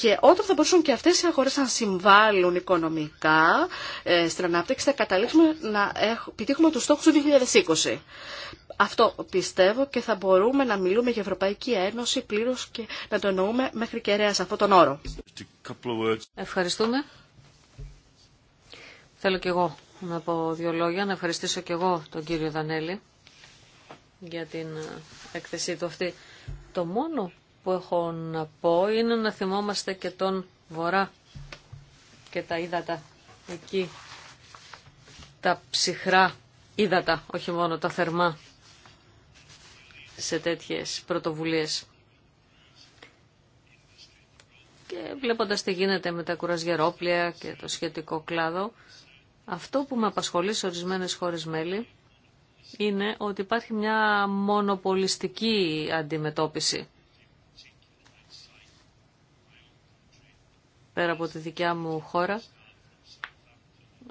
Και όταν θα μπορούσαν και αυτές οι αγορές να συμβάλλουν οικονομικά ε, στην ανάπτυξη, θα καταλήξουμε να επιτύχουμε τους στόχους του 2020. Αυτό πιστεύω και θα μπορούμε να μιλούμε για Ευρωπαϊκή Ένωση πλήρως και να το εννοούμε μέχρι κεραία σε αυτόν τον όρο. Ευχαριστούμε. Θέλω κι εγώ να πω δύο λόγια, να ευχαριστήσω κι εγώ τον κύριο Δανέλη για την ε, έκθεσή του αυτή. Το μόνο που έχω να πω είναι να θυμόμαστε και τον Βορρά και τα ύδατα εκεί, τα ψυχρά ύδατα, όχι μόνο τα θερμά σε τέτοιες πρωτοβουλίες. Και βλέποντας τι γίνεται με τα κουραζιερόπλια και το σχετικό κλάδο, αυτό που με απασχολεί σε ορισμένες χώρες μέλη είναι ότι υπάρχει μια μονοπολιστική αντιμετώπιση. Πέρα από τη δικιά μου χώρα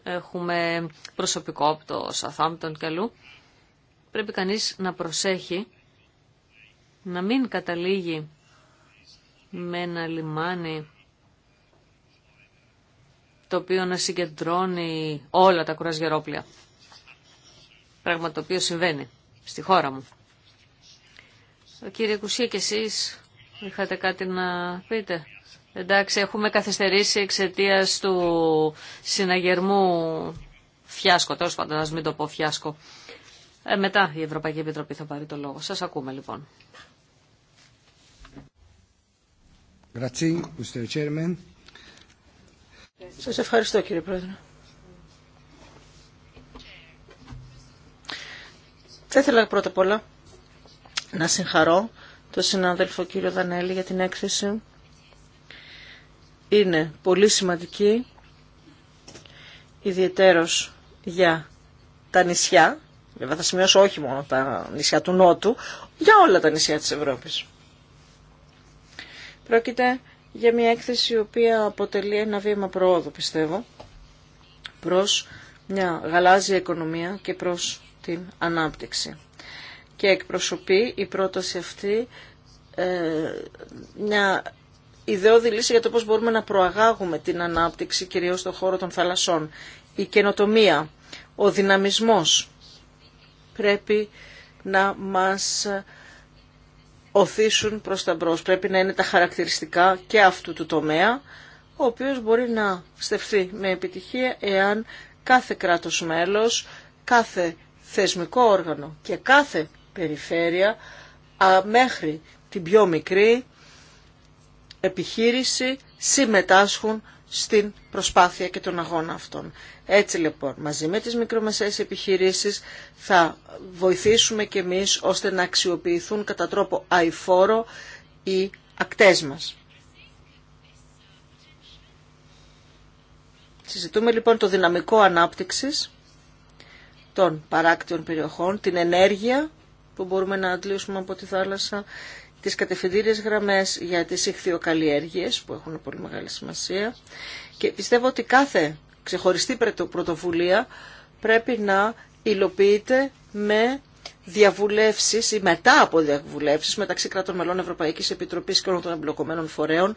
έχουμε προσωπικό από το Σαθάμπτον και αλλού. Πρέπει κανείς να προσέχει να μην καταλήγει με ένα λιμάνι το οποίο να συγκεντρώνει όλα τα κουρασγερόπλια. Πράγμα το οποίο συμβαίνει στη χώρα μου. κύριε Κουσία και εσείς είχατε κάτι να πείτε. Εντάξει, έχουμε καθυστερήσει εξαιτία του συναγερμού φιάσκο, τέλο πάντων, α μην το πω φιάσκο. Ε, μετά η Ευρωπαϊκή Επιτροπή θα πάρει το λόγο. Σα ακούμε λοιπόν. Σας ευχαριστώ κύριε Πρόεδρε. Θα ήθελα πρώτα απ' όλα να συγχαρώ τον συνάδελφο κύριο Δανέλη για την έκθεση. Είναι πολύ σημαντική, ιδιαίτερος για τα νησιά, βέβαια θα σημειώσω όχι μόνο τα νησιά του Νότου, για όλα τα νησιά της Ευρώπης. Πρόκειται για μια έκθεση η οποία αποτελεί ένα βήμα προόδου, πιστεύω, προς μια γαλάζια οικονομία και προς την ανάπτυξη. Και εκπροσωπεί η πρόταση αυτή ε, μια ιδεώδη λύση για το πώς μπορούμε να προαγάγουμε την ανάπτυξη, κυρίως στον χώρο των θαλασσών. Η καινοτομία, ο δυναμισμός πρέπει να μας οθήσουν προς τα μπρος. Πρέπει να είναι τα χαρακτηριστικά και αυτού του τομέα, ο οποίος μπορεί να στεφθεί με επιτυχία εάν κάθε κράτος μέλος, κάθε θεσμικό όργανο και κάθε περιφέρεια μέχρι την πιο μικρή επιχείρηση συμμετάσχουν στην προσπάθεια και τον αγώνα αυτών. Έτσι λοιπόν, μαζί με τις μικρομεσαίες επιχειρήσεις θα βοηθήσουμε και εμείς ώστε να αξιοποιηθούν κατά τρόπο αηφόρο οι ακτές μας. Συζητούμε λοιπόν το δυναμικό ανάπτυξης των παράκτιων περιοχών, την ενέργεια που μπορούμε να αντλήσουμε από τη θάλασσα τις κατευθυντήριες γραμμές για τις ηχθειοκαλλιέργειες που έχουν πολύ μεγάλη σημασία και πιστεύω ότι κάθε ξεχωριστή πρωτοβουλία πρέπει να υλοποιείται με διαβουλεύσεις ή μετά από διαβουλεύσεις μεταξύ κρατών μελών Ευρωπαϊκής Επιτροπής και όλων των εμπλοκομένων φορέων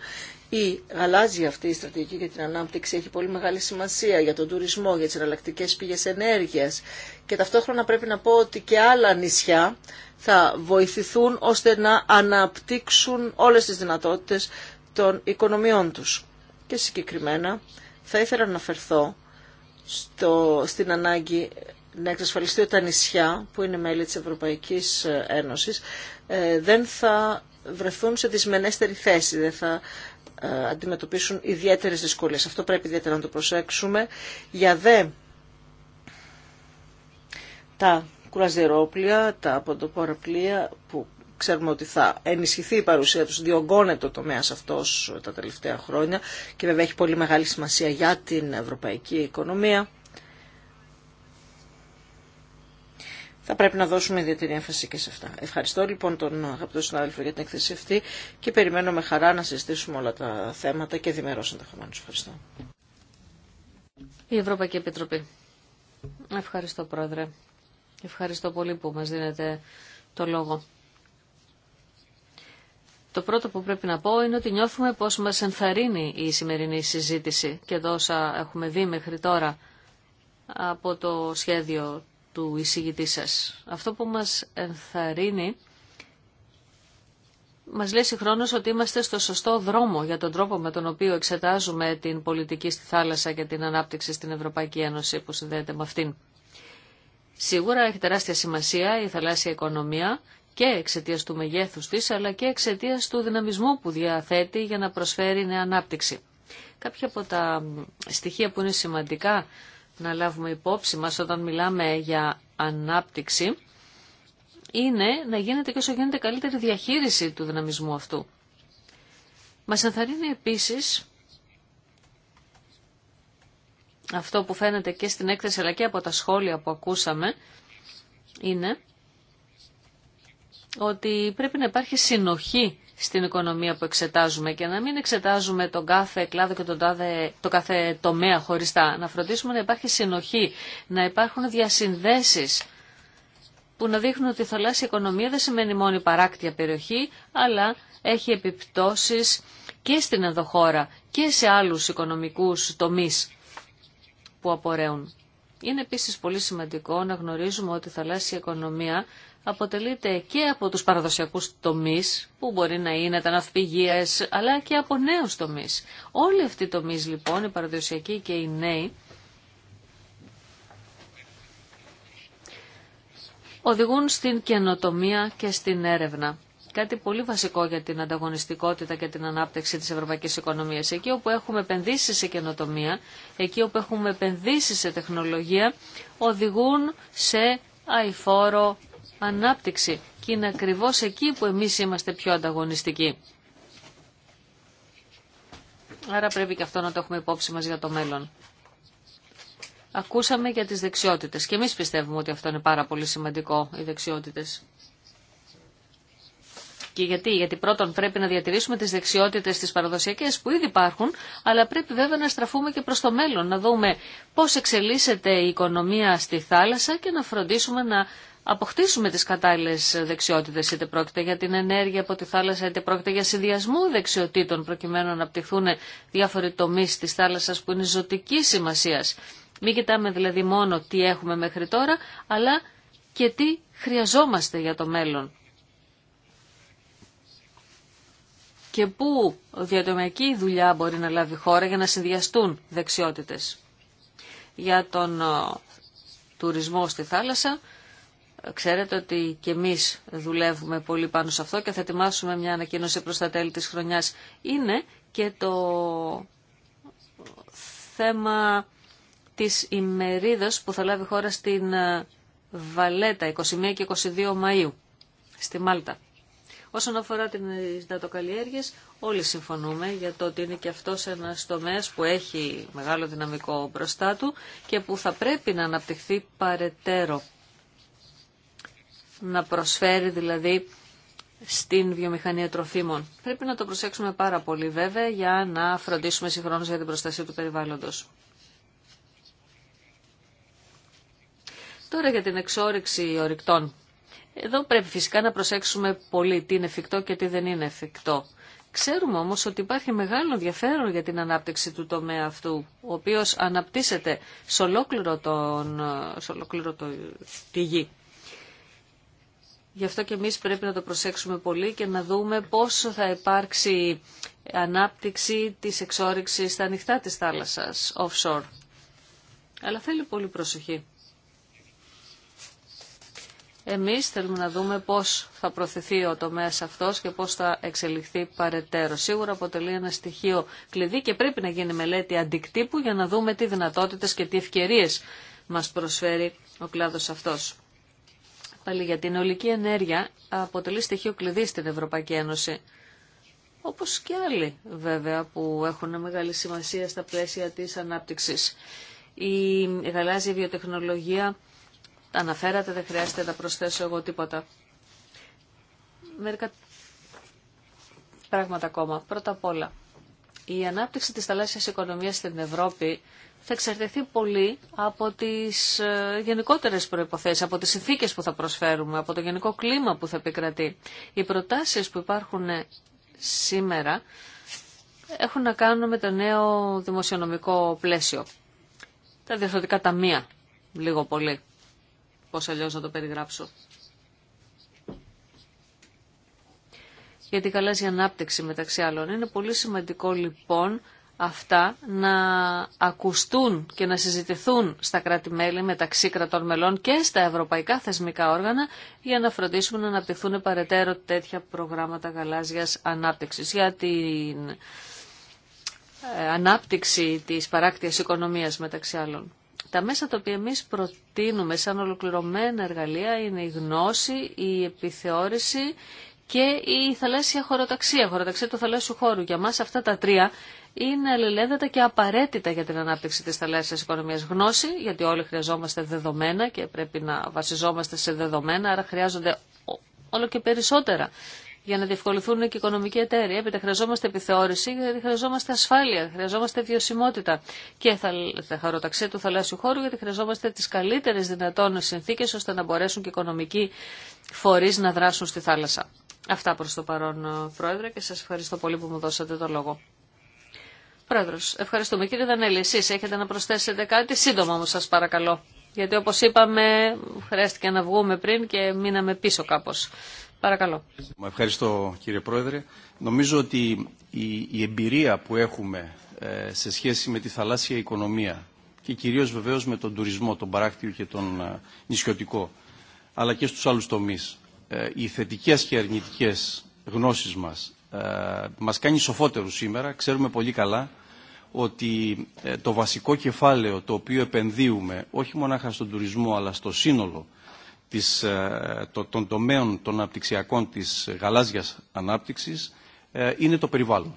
η γαλάζια αυτή η στρατηγική για την ανάπτυξη έχει πολύ μεγάλη σημασία για τον τουρισμό, για τις εναλλακτικέ πηγές ενέργειας και ταυτόχρονα πρέπει να πω ότι και άλλα νησιά θα βοηθηθούν ώστε να αναπτύξουν όλες τις δυνατότητες των οικονομιών τους. Και συγκεκριμένα θα ήθελα να αναφερθώ στο, στην ανάγκη να εξασφαλιστεί ότι τα νησιά που είναι μέλη της Ευρωπαϊκής Ένωσης ε, δεν θα βρεθούν σε δυσμενέστερη θέση, δεν θα ε, αντιμετωπίσουν ιδιαίτερες δυσκολίες. Αυτό πρέπει ιδιαίτερα να το προσέξουμε. δε τα κουραζιερόπλια, τα ποντοποραπλία που ξέρουμε ότι θα ενισχυθεί η παρουσία τους, διωγγώνεται ο τομέας αυτός τα τελευταία χρόνια και βέβαια έχει πολύ μεγάλη σημασία για την ευρωπαϊκή οικονομία. Θα πρέπει να δώσουμε ιδιαίτερη έμφαση και σε αυτά. Ευχαριστώ λοιπόν τον αγαπητό συνάδελφο για την εκθέση αυτή και περιμένω με χαρά να συζητήσουμε όλα τα θέματα και διμερώς ενδεχομένω. Ευχαριστώ. Η Ευρωπαϊκή Επιτροπή. Ευχαριστώ Πρόεδρε. Ευχαριστώ πολύ που μας δίνετε το λόγο. Το πρώτο που πρέπει να πω είναι ότι νιώθουμε πως μας ενθαρρύνει η σημερινή συζήτηση και τόσα έχουμε δει μέχρι τώρα από το σχέδιο του εισηγητή σας. Αυτό που μας ενθαρρύνει μας λέει συγχρόνω ότι είμαστε στο σωστό δρόμο για τον τρόπο με τον οποίο εξετάζουμε την πολιτική στη θάλασσα και την ανάπτυξη στην Ευρωπαϊκή Ένωση που συνδέεται με αυτήν. Σίγουρα έχει τεράστια σημασία η θαλάσσια οικονομία και εξαιτία του μεγέθους της, αλλά και εξαιτία του δυναμισμού που διαθέτει για να προσφέρει νέα ανάπτυξη. Κάποια από τα στοιχεία που είναι σημαντικά να λάβουμε υπόψη μας όταν μιλάμε για ανάπτυξη είναι να γίνεται και όσο γίνεται καλύτερη διαχείριση του δυναμισμού αυτού. Μας ενθαρρύνει επίσης αυτό που φαίνεται και στην έκθεση αλλά και από τα σχόλια που ακούσαμε είναι ότι πρέπει να υπάρχει συνοχή στην οικονομία που εξετάζουμε και να μην εξετάζουμε τον κάθε κλάδο και τον τάδε, το κάθε τομέα χωριστά. Να φροντίσουμε να υπάρχει συνοχή, να υπάρχουν διασυνδέσεις που να δείχνουν ότι η θαλάσσια οικονομία δεν σημαίνει μόνο η παράκτια περιοχή, αλλά έχει επιπτώσεις και στην ενδοχώρα και σε άλλους οικονομικούς τομείς που απορρέουν. Είναι επίσης πολύ σημαντικό να γνωρίζουμε ότι η θαλάσσια οικονομία αποτελείται και από τους παραδοσιακούς τομείς, που μπορεί να είναι τα ναυπηγείες, αλλά και από νέους τομείς. Όλοι αυτοί οι τομείς λοιπόν, οι παραδοσιακοί και οι νέοι, οδηγούν στην καινοτομία και στην έρευνα κάτι πολύ βασικό για την ανταγωνιστικότητα και την ανάπτυξη της ευρωπαϊκής οικονομίας. Εκεί όπου έχουμε επενδύσει σε καινοτομία, εκεί όπου έχουμε επενδύσει σε τεχνολογία, οδηγούν σε αηφόρο ανάπτυξη. Και είναι ακριβώς εκεί που εμείς είμαστε πιο ανταγωνιστικοί. Άρα πρέπει και αυτό να το έχουμε υπόψη μας για το μέλλον. Ακούσαμε για τις δεξιότητες και εμείς πιστεύουμε ότι αυτό είναι πάρα πολύ σημαντικό, οι δεξιότητες γιατί, γιατί πρώτον πρέπει να διατηρήσουμε τι δεξιότητε, τι παραδοσιακέ που ήδη υπάρχουν, αλλά πρέπει βέβαια να στραφούμε και προ το μέλλον, να δούμε πώ εξελίσσεται η οικονομία στη θάλασσα και να φροντίσουμε να αποκτήσουμε τις κατάλληλες δεξιότητες, είτε πρόκειται για την ενέργεια από τη θάλασσα, είτε πρόκειται για συνδυασμό δεξιοτήτων, προκειμένου να αναπτυχθούν διάφοροι τομείς της θάλασσας που είναι ζωτική σημασίας. Μην κοιτάμε δηλαδή μόνο τι έχουμε μέχρι τώρα, αλλά και τι χρειαζόμαστε για το μέλλον. και πού διατομιακή δουλειά μπορεί να λάβει η χώρα για να συνδυαστούν δεξιότητες. Για τον ε, τουρισμό στη θάλασσα, ε, ξέρετε ότι και εμείς δουλεύουμε πολύ πάνω σε αυτό και θα ετοιμάσουμε μια ανακοίνωση προς τα τέλη της χρονιάς. Είναι και το ε, θέμα της ημερίδας που θα λάβει η χώρα στην Βαλέτα 21 και 22 Μαΐου στη Μάλτα. Όσον αφορά τι δατοκαλλιέργειες, όλοι συμφωνούμε για το ότι είναι και αυτό ένας τομέας που έχει μεγάλο δυναμικό μπροστά του και που θα πρέπει να αναπτυχθεί παρετέρω. Να προσφέρει δηλαδή στην βιομηχανία τροφίμων. Πρέπει να το προσέξουμε πάρα πολύ βέβαια για να φροντίσουμε συγχρόνως για την προστασία του περιβάλλοντος. Τώρα για την εξόριξη ορυκτών. Εδώ πρέπει φυσικά να προσέξουμε πολύ τι είναι εφικτό και τι δεν είναι εφικτό. Ξέρουμε όμως ότι υπάρχει μεγάλο ενδιαφέρον για την ανάπτυξη του τομέα αυτού, ο οποίος αναπτύσσεται σε ολόκληρο, τον, σε τη γη. Γι' αυτό και εμείς πρέπει να το προσέξουμε πολύ και να δούμε πόσο θα υπάρξει ανάπτυξη της εξόριξης στα ανοιχτά της θάλασσας, offshore. Αλλά θέλει πολύ προσοχή. Εμείς θέλουμε να δούμε πώς θα προθεθεί ο τομέας αυτός και πώς θα εξελιχθεί παρετέρω. Σίγουρα αποτελεί ένα στοιχείο κλειδί και πρέπει να γίνει μελέτη αντικτύπου για να δούμε τι δυνατότητες και τι ευκαιρίες μας προσφέρει ο κλάδος αυτός. Πάλι για την ολική ενέργεια αποτελεί στοιχείο κλειδί στην Ευρωπαϊκή Ένωση. Όπως και άλλοι βέβαια που έχουν μεγάλη σημασία στα πλαίσια της ανάπτυξης. Η γαλάζια βιοτεχνολογία τα αναφέρατε, δεν χρειάζεται να προσθέσω εγώ τίποτα. Μερικά πράγματα ακόμα. Πρώτα απ' όλα, η ανάπτυξη της θαλάσσιας οικονομίας στην Ευρώπη θα εξαρτηθεί πολύ από τις ε, γενικότερες προϋποθέσεις, από τις συνθήκε που θα προσφέρουμε, από το γενικό κλίμα που θα επικρατεί. Οι προτάσεις που υπάρχουν σήμερα έχουν να κάνουν με το νέο δημοσιονομικό πλαίσιο. Τα διαφορετικά ταμεία, λίγο πολύ πώς αλλιώς να το περιγράψω. Για την καλάζια ανάπτυξη μεταξύ άλλων. Είναι πολύ σημαντικό λοιπόν αυτά να ακουστούν και να συζητηθούν στα κράτη-μέλη μεταξύ κρατών μελών και στα ευρωπαϊκά θεσμικά όργανα για να φροντίσουμε να αναπτυχθούν παρετέρω τέτοια προγράμματα γαλάζιας ανάπτυξης. Για την ε, ανάπτυξη της παράκτειας οικονομίας μεταξύ άλλων. Τα μέσα τα οποία εμείς προτείνουμε σαν ολοκληρωμένα εργαλεία είναι η γνώση, η επιθεώρηση και η θαλάσσια χωροταξία, χωροταξία του θαλάσσιου χώρου. Για μας αυτά τα τρία είναι αλληλένδετα και απαραίτητα για την ανάπτυξη της θαλάσσιας οικονομίας γνώση, γιατί όλοι χρειαζόμαστε δεδομένα και πρέπει να βασιζόμαστε σε δεδομένα, άρα χρειάζονται όλο και περισσότερα για να διευκολυθούν και οι οικονομικοί εταίροι. Έπειτα χρειαζόμαστε επιθεώρηση, γιατί χρειαζόμαστε ασφάλεια, χρειαζόμαστε βιωσιμότητα και θα, θα χαροταξία του θαλάσσιου χώρου, γιατί χρειαζόμαστε τι καλύτερε δυνατόν συνθήκε ώστε να μπορέσουν και οι οικονομικοί φορεί να δράσουν στη θάλασσα. Αυτά προ το παρόν, Πρόεδρε, και σα ευχαριστώ πολύ που μου δώσατε το λόγο. Πρόεδρο, ευχαριστούμε. Κύριε Δανέλη, εσεί έχετε να προσθέσετε κάτι. Σύντομα όμω, σα παρακαλώ. Γιατί όπω είπαμε, χρειάστηκε να βγούμε πριν και μείναμε πίσω κάπω. Παρακαλώ. Ευχαριστώ κύριε Πρόεδρε. Νομίζω ότι η, εμπειρία που έχουμε ε, σε σχέση με τη θαλάσσια οικονομία και κυρίως βεβαίως με τον τουρισμό, τον παράκτιο και τον ε, νησιωτικό, αλλά και στους άλλους τομείς, ε, οι θετικές και αρνητικές γνώσεις μας ε, μας κάνει σοφότερους σήμερα. Ξέρουμε πολύ καλά ότι το βασικό κεφάλαιο το οποίο επενδύουμε όχι μονάχα στον τουρισμό αλλά στο σύνολο ε, των τομέων των αναπτυξιακών της γαλάζιας ανάπτυξης ε, είναι το περιβάλλον.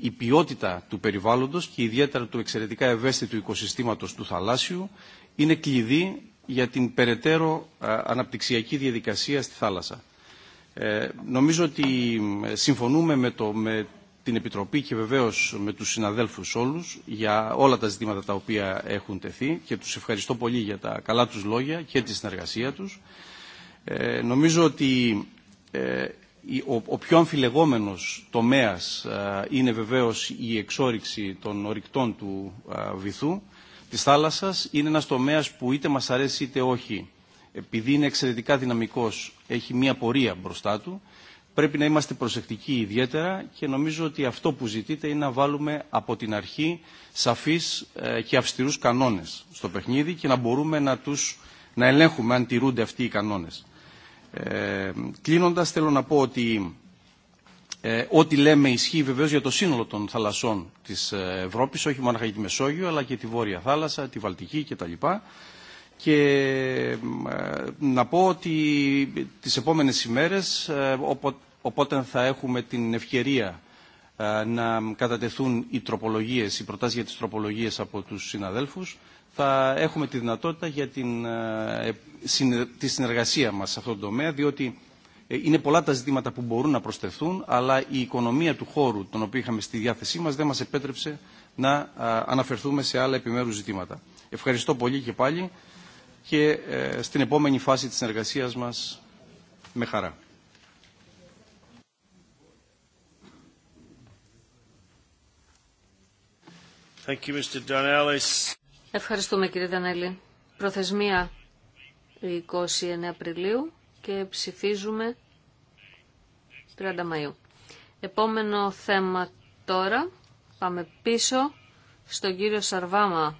Η, ποιότητα του περιβάλλοντος και ιδιαίτερα του εξαιρετικά ευαίσθητου οικοσυστήματος του θαλάσσιου είναι κλειδί για την περαιτέρω ε, αναπτυξιακή διαδικασία στη θάλασσα. νομίζω ότι συμφωνούμε με, το, με την Επιτροπή και βεβαίως με τους συναδέλφους όλους για όλα τα ζητήματα τα οποία έχουν τεθεί και τους ευχαριστώ πολύ για τα καλά τους λόγια και τη συνεργασία τους. Ε, νομίζω ότι ε, ο, ο πιο αμφιλεγόμενος τομέας ε, είναι βεβαίως η εξόριξη των ορυκτών του βυθού της θάλασσας. Είναι ένας τομέας που είτε μας αρέσει είτε όχι. Επειδή είναι εξαιρετικά δυναμικός, έχει μία πορεία μπροστά του πρέπει να είμαστε προσεκτικοί ιδιαίτερα και νομίζω ότι αυτό που ζητείτε είναι να βάλουμε από την αρχή σαφείς ε, και αυστηρούς κανόνες στο παιχνίδι και να μπορούμε να, τους, να ελέγχουμε αν τηρούνται αυτοί οι κανόνες. Ε, κλείνοντας θέλω να πω ότι ε, ό,τι λέμε ισχύει βεβαίως για το σύνολο των θαλασσών της ε, Ευρώπης, όχι μόνο για τη Μεσόγειο αλλά και τη Βόρεια Θάλασσα, τη Βαλτική κτλ και ε, να πω ότι τις επόμενες ημέρες ε, οπότε θα έχουμε την ευκαιρία ε, να κατατεθούν οι τροπολογίες, οι προτάσεις για τις τροπολογίες από τους συναδέλφους θα έχουμε τη δυνατότητα για την, τη συνεργασία μας σε αυτόν τον τομέα διότι είναι πολλά τα ζητήματα που μπορούν να προσθεθούν αλλά η οικονομία του χώρου τον οποίο είχαμε στη διάθεσή μας δεν μας επέτρεψε να αναφερθούμε σε άλλα επιμέρους ζητήματα. Ευχαριστώ πολύ και πάλι και ε, στην επόμενη φάση της συνεργασίας μας με χαρά. Thank you, Mr. Ευχαριστούμε κύριε Δανέλη. Προθεσμία 29 Απριλίου και ψηφίζουμε 30 Μαΐου. Επόμενο θέμα τώρα. Πάμε πίσω στον κύριο Σαρβάμα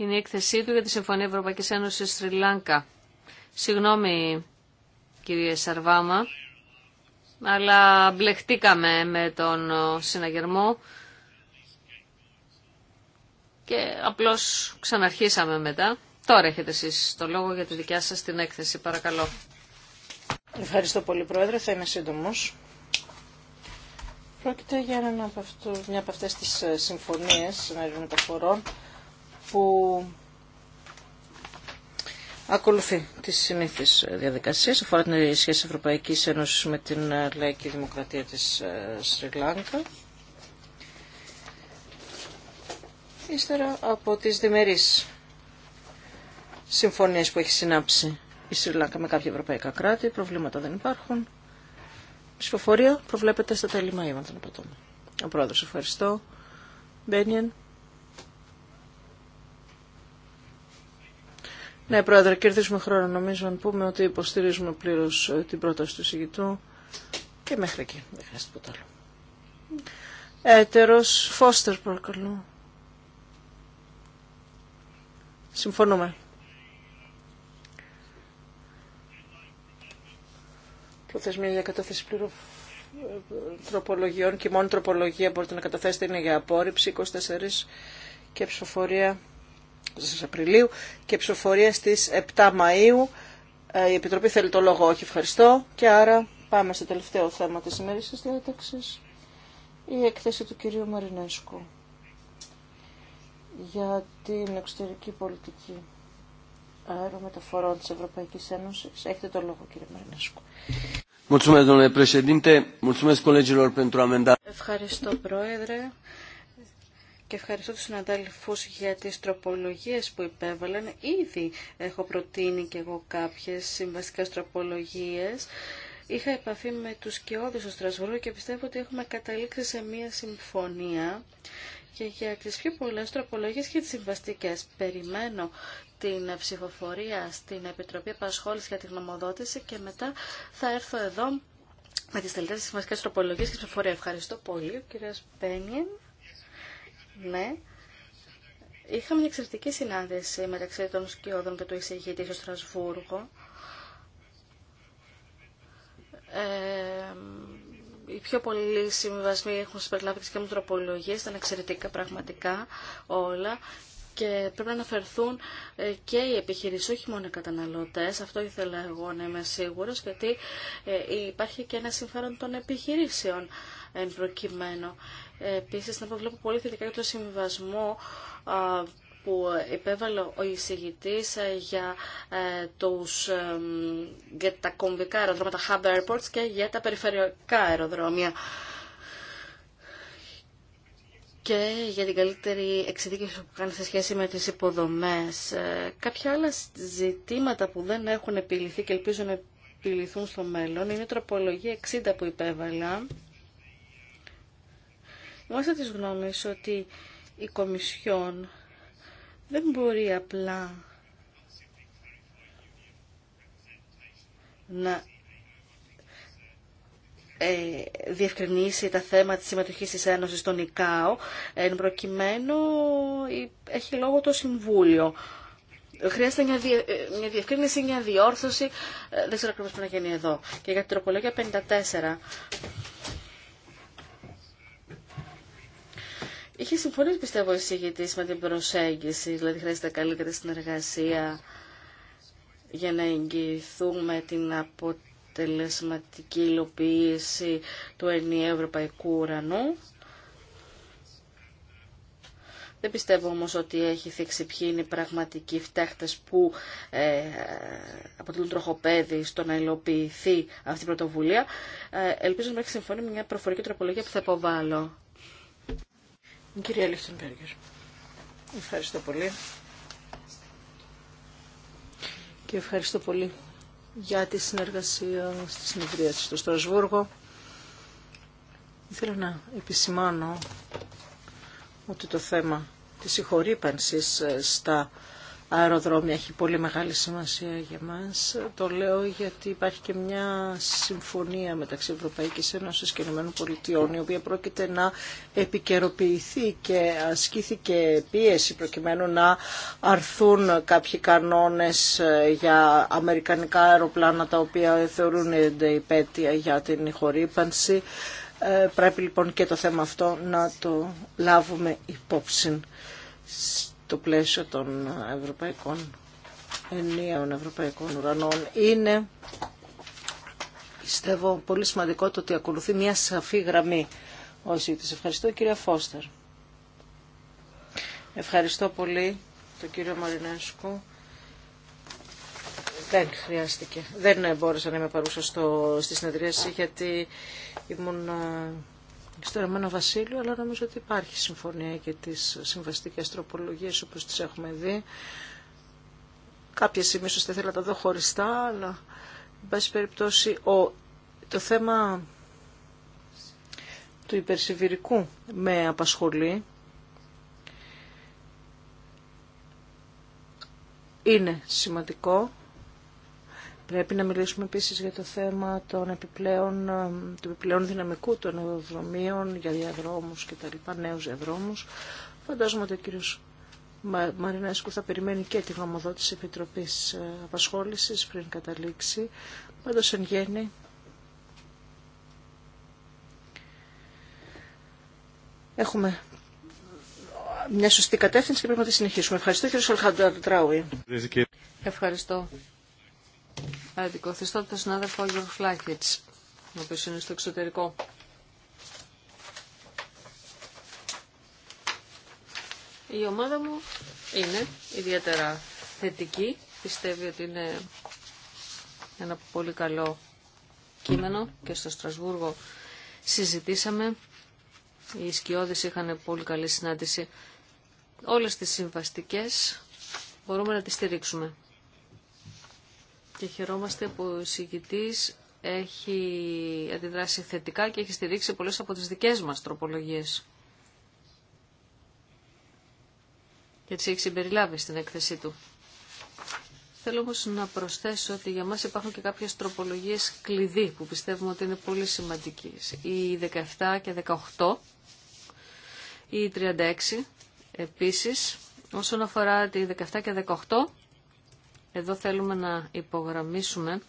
είναι η έκθεσή του για τη Συμφωνία Ευρωπαϊκής Ένωσης Σρι Λάνκα. Συγγνώμη κύριε Σαρβάμα, αλλά μπλεχτήκαμε με τον συναγερμό και απλώς ξαναρχίσαμε μετά. Τώρα έχετε εσείς το λόγο για τη δικιά σας την έκθεση, παρακαλώ. Ευχαριστώ πολύ Πρόεδρε, θα είμαι σύντομος. Πρόκειται για ένα από αυτού, μια από αυτές τις ε, συμφωνίες που ακολουθεί τις συνήθεις διαδικασίες αφορά την σχέση Ευρωπαϊκής Ένωσης με την ε, λαϊκή δημοκρατία της ε, Σρι Λάγκα. Ύστερα από τις διμερείς συμφωνίες που έχει συνάψει η Σρι με κάποια ευρωπαϊκά κράτη, προβλήματα δεν υπάρχουν. Ψηφοφορία προβλέπεται στα τέλη Μαΐου, αν δεν Ο πρόεδρος, ευχαριστώ. Μπένιεν. Ναι, Πρόεδρε, κερδίζουμε χρόνο νομίζω να πούμε ότι υποστηρίζουμε πλήρω ε, την πρόταση του συγητού και μέχρι εκεί. Δεν χρειάζεται τίποτα άλλο. Έτερος, Φώστερ παρακαλώ. Συμφωνούμε. Προθεσμία για κατάθεση πλήρως τροπολογιών και η μόνη τροπολογία μπορείτε να καταθέσετε είναι για απόρριψη 24 και ψηφοφορία Απριλίου και ψηφοφορία στις 7 Μαΐου. Ε, η Επιτροπή θέλει το λόγο, όχι ευχαριστώ. Και άρα πάμε στο τελευταίο θέμα της ημέρης της διάταξης, η έκθεση του κυρίου Μαρινέσκου για την εξωτερική πολιτική αερομεταφορών της Ευρωπαϊκής Ένωση. Έχετε το λόγο κύριε Μαρινέσκου. Ευχαριστώ πρόεδρε και ευχαριστώ τους συναδέλφους για τις τροπολογίες που υπέβαλαν. Ήδη έχω προτείνει και εγώ κάποιες συμβαστικές τροπολογίες. Είχα επαφή με τους κοιόδους στο Στρασβούργο και πιστεύω ότι έχουμε καταλήξει σε μία συμφωνία και για τις πιο πολλές τροπολογίες και τις συμβαστικές. Περιμένω την ψηφοφορία στην Επιτροπή Επασχόληση για τη γνωμοδότηση και μετά θα έρθω εδώ με τις τελευταίες συμβαστικές τροπολογίες και ψηφοφορία. Ευχαριστώ πολύ, κύριε Σπένιεν. Ναι. Είχαμε μια εξαιρετική συνάντηση μεταξύ των σκιώδων και του εισηγητή στο Στρασβούργο. Ε, οι πιο πολλοί συμβιβασμοί έχουν συμπεριλάβει τις και μου ήταν εξαιρετικά πραγματικά όλα και πρέπει να αναφερθούν ε, και οι επιχειρήσεις, όχι μόνο οι καταναλωτές. Αυτό ήθελα εγώ να είμαι σίγουρος, γιατί ε, υπάρχει και ένα συμφέρον των επιχειρήσεων εν προκειμένου. Επίσης, να βλέπω πολύ θετικά για το συμβασμό που υπέβαλε ο εισηγητής ε, για, ε, τους, για τα κομβικά αεροδρόμια, τα hub airports και για τα περιφερειακά αεροδρόμια και για την καλύτερη εξειδίκευση που κάνει σε σχέση με τις υποδομές. Ε, κάποια άλλα ζητήματα που δεν έχουν επιληθεί και ελπίζω να επιληθούν στο μέλλον είναι η τροπολογία 60 που υπέβαλα Είμαστε της γνώμης ότι η Κομισιόν δεν μπορεί απλά να ε, διευκρινίσει τα θέματα της συμμετοχής της Ένωσης στον ΙΚΑΟ, εν προκειμένου έχει λόγο το Συμβούλιο. Χρειάζεται μια, διε, μια διευκρίνηση, μια διόρθωση, ε, δεν ξέρω ακριβώς που να γίνει εδώ. Και για την τροπολόγια 54, Είχε συμφωνήσει πιστεύω ο εισηγητής με την προσέγγιση, δηλαδή χρειάζεται καλύτερη συνεργασία για να εγγυηθούμε την αποτελεσματική υλοποίηση του ενιαίου ευρωπαϊκού ουρανού. Δεν πιστεύω όμως ότι έχει θίξει ποιοι είναι οι πραγματικοί φταίχτε που ε, αποτελούν τροχοπέδι στο να υλοποιηθεί αυτή η πρωτοβουλία. Ε, ελπίζω να έχει συμφωνεί με μια προφορική τροπολογία που θα υποβάλω. Κυρία Λιχτενπέργκερ, ευχαριστώ πολύ. Και ευχαριστώ πολύ για τη συνεργασία στη συνεδρία της στο Στρασβούργο. Θέλω να επισημάνω ότι το θέμα της συγχωρήπανσης ε, στα αεροδρόμια έχει πολύ μεγάλη σημασία για μας. Το λέω γιατί υπάρχει και μια συμφωνία μεταξύ Ευρωπαϊκής Ένωσης και Ηνωμένων Πολιτειών, η οποία πρόκειται να επικαιροποιηθεί και ασκήθηκε πίεση προκειμένου να αρθούν κάποιοι κανόνες για αμερικανικά αεροπλάνα τα οποία θεωρούνται υπέτεια για την χορύπανση. Ε, πρέπει λοιπόν και το θέμα αυτό να το λάβουμε υπόψη το πλαίσιο των ευρωπαϊκών ενιαίων ευρωπαϊκών ουρανών είναι πιστεύω πολύ σημαντικό το ότι ακολουθεί μια σαφή γραμμή όσοι της ευχαριστώ κυρία Φώστερ ευχαριστώ πολύ τον κύριο Μαρινέσκο δεν χρειάστηκε δεν μπόρεσα να είμαι παρούσα στο, στη συνεδρίαση γιατί ήμουν στο Ερωμένο Βασίλειο, αλλά νομίζω ότι υπάρχει συμφωνία και τις συμβαστικές τροπολογίες όπως τις έχουμε δει. κάποιες σημεία ίσως ήθελα να τα δω χωριστά, αλλά εν πάση περιπτώσει ο, το θέμα του υπερσιβηρικού με απασχολεί. Είναι σημαντικό Πρέπει να μιλήσουμε επίσης για το θέμα των επιπλέον, ε, του επιπλέον δυναμικού των αεροδρομίων για διαδρόμους και τα λοιπά, νέους διαδρόμους. Φαντάζομαι ότι ο κύριος Μαρινέσκου θα περιμένει και τη γνωμοδότηση Επιτροπής ε, Απασχόλησης πριν καταλήξει. Πάντως εν γέννη έχουμε μια σωστή κατεύθυνση και πρέπει να τη συνεχίσουμε. Ευχαριστώ κύριε Σολχαντράουι. Ευχαριστώ αντικοθιστώ τον συνάδελφο Γιώργο Φλάχιτς, ο οποίο είναι στο εξωτερικό. Η ομάδα μου είναι ιδιαίτερα θετική. Πιστεύει ότι είναι ένα πολύ καλό κείμενο και στο Στρασβούργο συζητήσαμε. Οι σκιώδεις είχαν πολύ καλή συνάντηση. Όλες τις συμβαστικές μπορούμε να τις στηρίξουμε. Και χαιρόμαστε που ο συγκητής έχει αντιδράσει θετικά και έχει στηρίξει πολλές από τις δικές μας τροπολογίες. Και έτσι έχει συμπεριλάβει στην έκθεσή του. Θέλω όμως να προσθέσω ότι για μας υπάρχουν και κάποιες τροπολογίες κλειδί που πιστεύουμε ότι είναι πολύ σημαντικές. Οι 17 και 18, οι 36 επίσης. Όσον αφορά τη 17 και 18, εδώ θέλουμε να υπογραμμίσουμε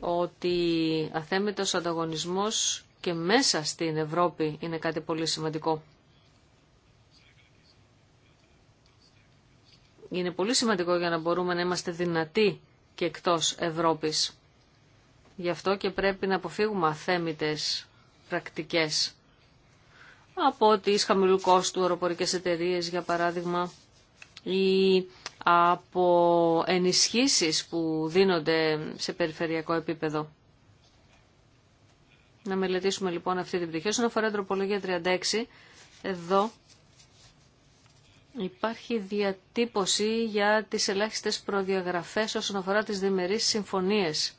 ότι αθέμητος ανταγωνισμός και μέσα στην Ευρώπη είναι κάτι πολύ σημαντικό. Είναι πολύ σημαντικό για να μπορούμε να είμαστε δυνατοί και εκτός Ευρώπης. Γι' αυτό και πρέπει να αποφύγουμε αθέμητες πρακτικές από τις χαμηλού κόστου αεροπορικές εταιρείες, για παράδειγμα, ή από ενισχύσεις που δίνονται σε περιφερειακό επίπεδο. Να μελετήσουμε λοιπόν αυτή την πτυχή. Όσον αφορά τροπολογία 36, εδώ υπάρχει διατύπωση για τις ελάχιστες προδιαγραφές όσον αφορά τις διμερείς συμφωνίες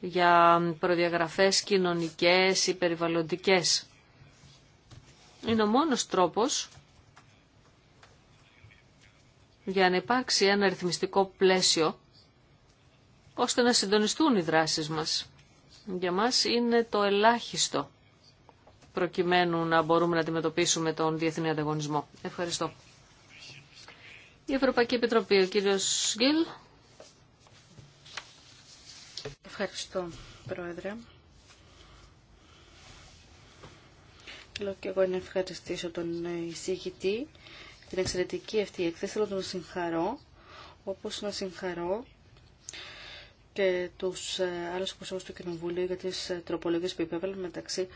για προδιαγραφές κοινωνικές ή περιβαλλοντικές. Είναι ο μόνος τρόπος για να υπάρξει ένα ρυθμιστικό πλαίσιο ώστε να συντονιστούν οι δράσεις μας. Για μας είναι το ελάχιστο προκειμένου να μπορούμε να αντιμετωπίσουμε τον διεθνή ανταγωνισμό. Ευχαριστώ. Η Ευρωπαϊκή Επιτροπή, ο κύριος Γκίλ. Ευχαριστώ, Πρόεδρε. Θέλω και εγώ να ευχαριστήσω τον εισηγητή την εξαιρετική αυτή η εκθέση. Θέλω να τον συγχαρώ, όπως να συγχαρώ και τους ε, άλλους εκπροσώπους του Κοινοβουλίου για τις ε, τροπολογίες που υπέβαλαν μεταξύ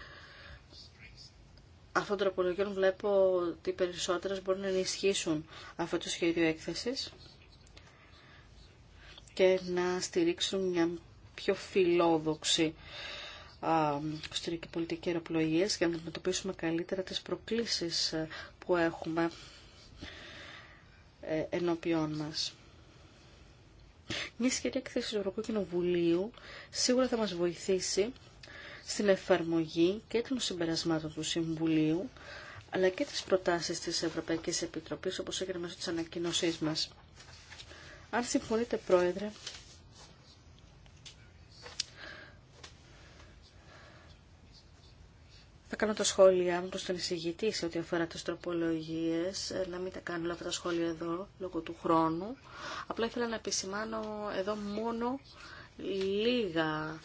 αυτών των τροπολογιών βλέπω ότι οι περισσότερες μπορούν να ενισχύσουν αυτό το σχέδιο έκθεσης και να στηρίξουν μια πιο φιλόδοξη εξωτερική πολιτική αεροπλοεία για να αντιμετωπίσουμε καλύτερα τις προκλήσεις ε, που έχουμε ε, ενώπιόν μας. Μια σχετική έκθεση του Ευρωπαϊκού Κοινοβουλίου σίγουρα θα μας βοηθήσει στην εφαρμογή και των συμπερασμάτων του Συμβουλίου, αλλά και τις προτάσεις της Ευρωπαϊκής Επιτροπής, όπως έγινε μέσω της ανακοίνωσής μας. Αν συμφωνείτε, Πρόεδρε, κάνω τα σχόλια μου προς τον εισηγητή σε ό,τι αφορά τις τροπολογίες, ε, να μην τα κάνω όλα αυτά τα σχόλια εδώ λόγω του χρόνου. Απλά ήθελα να επισημάνω εδώ μόνο λίγα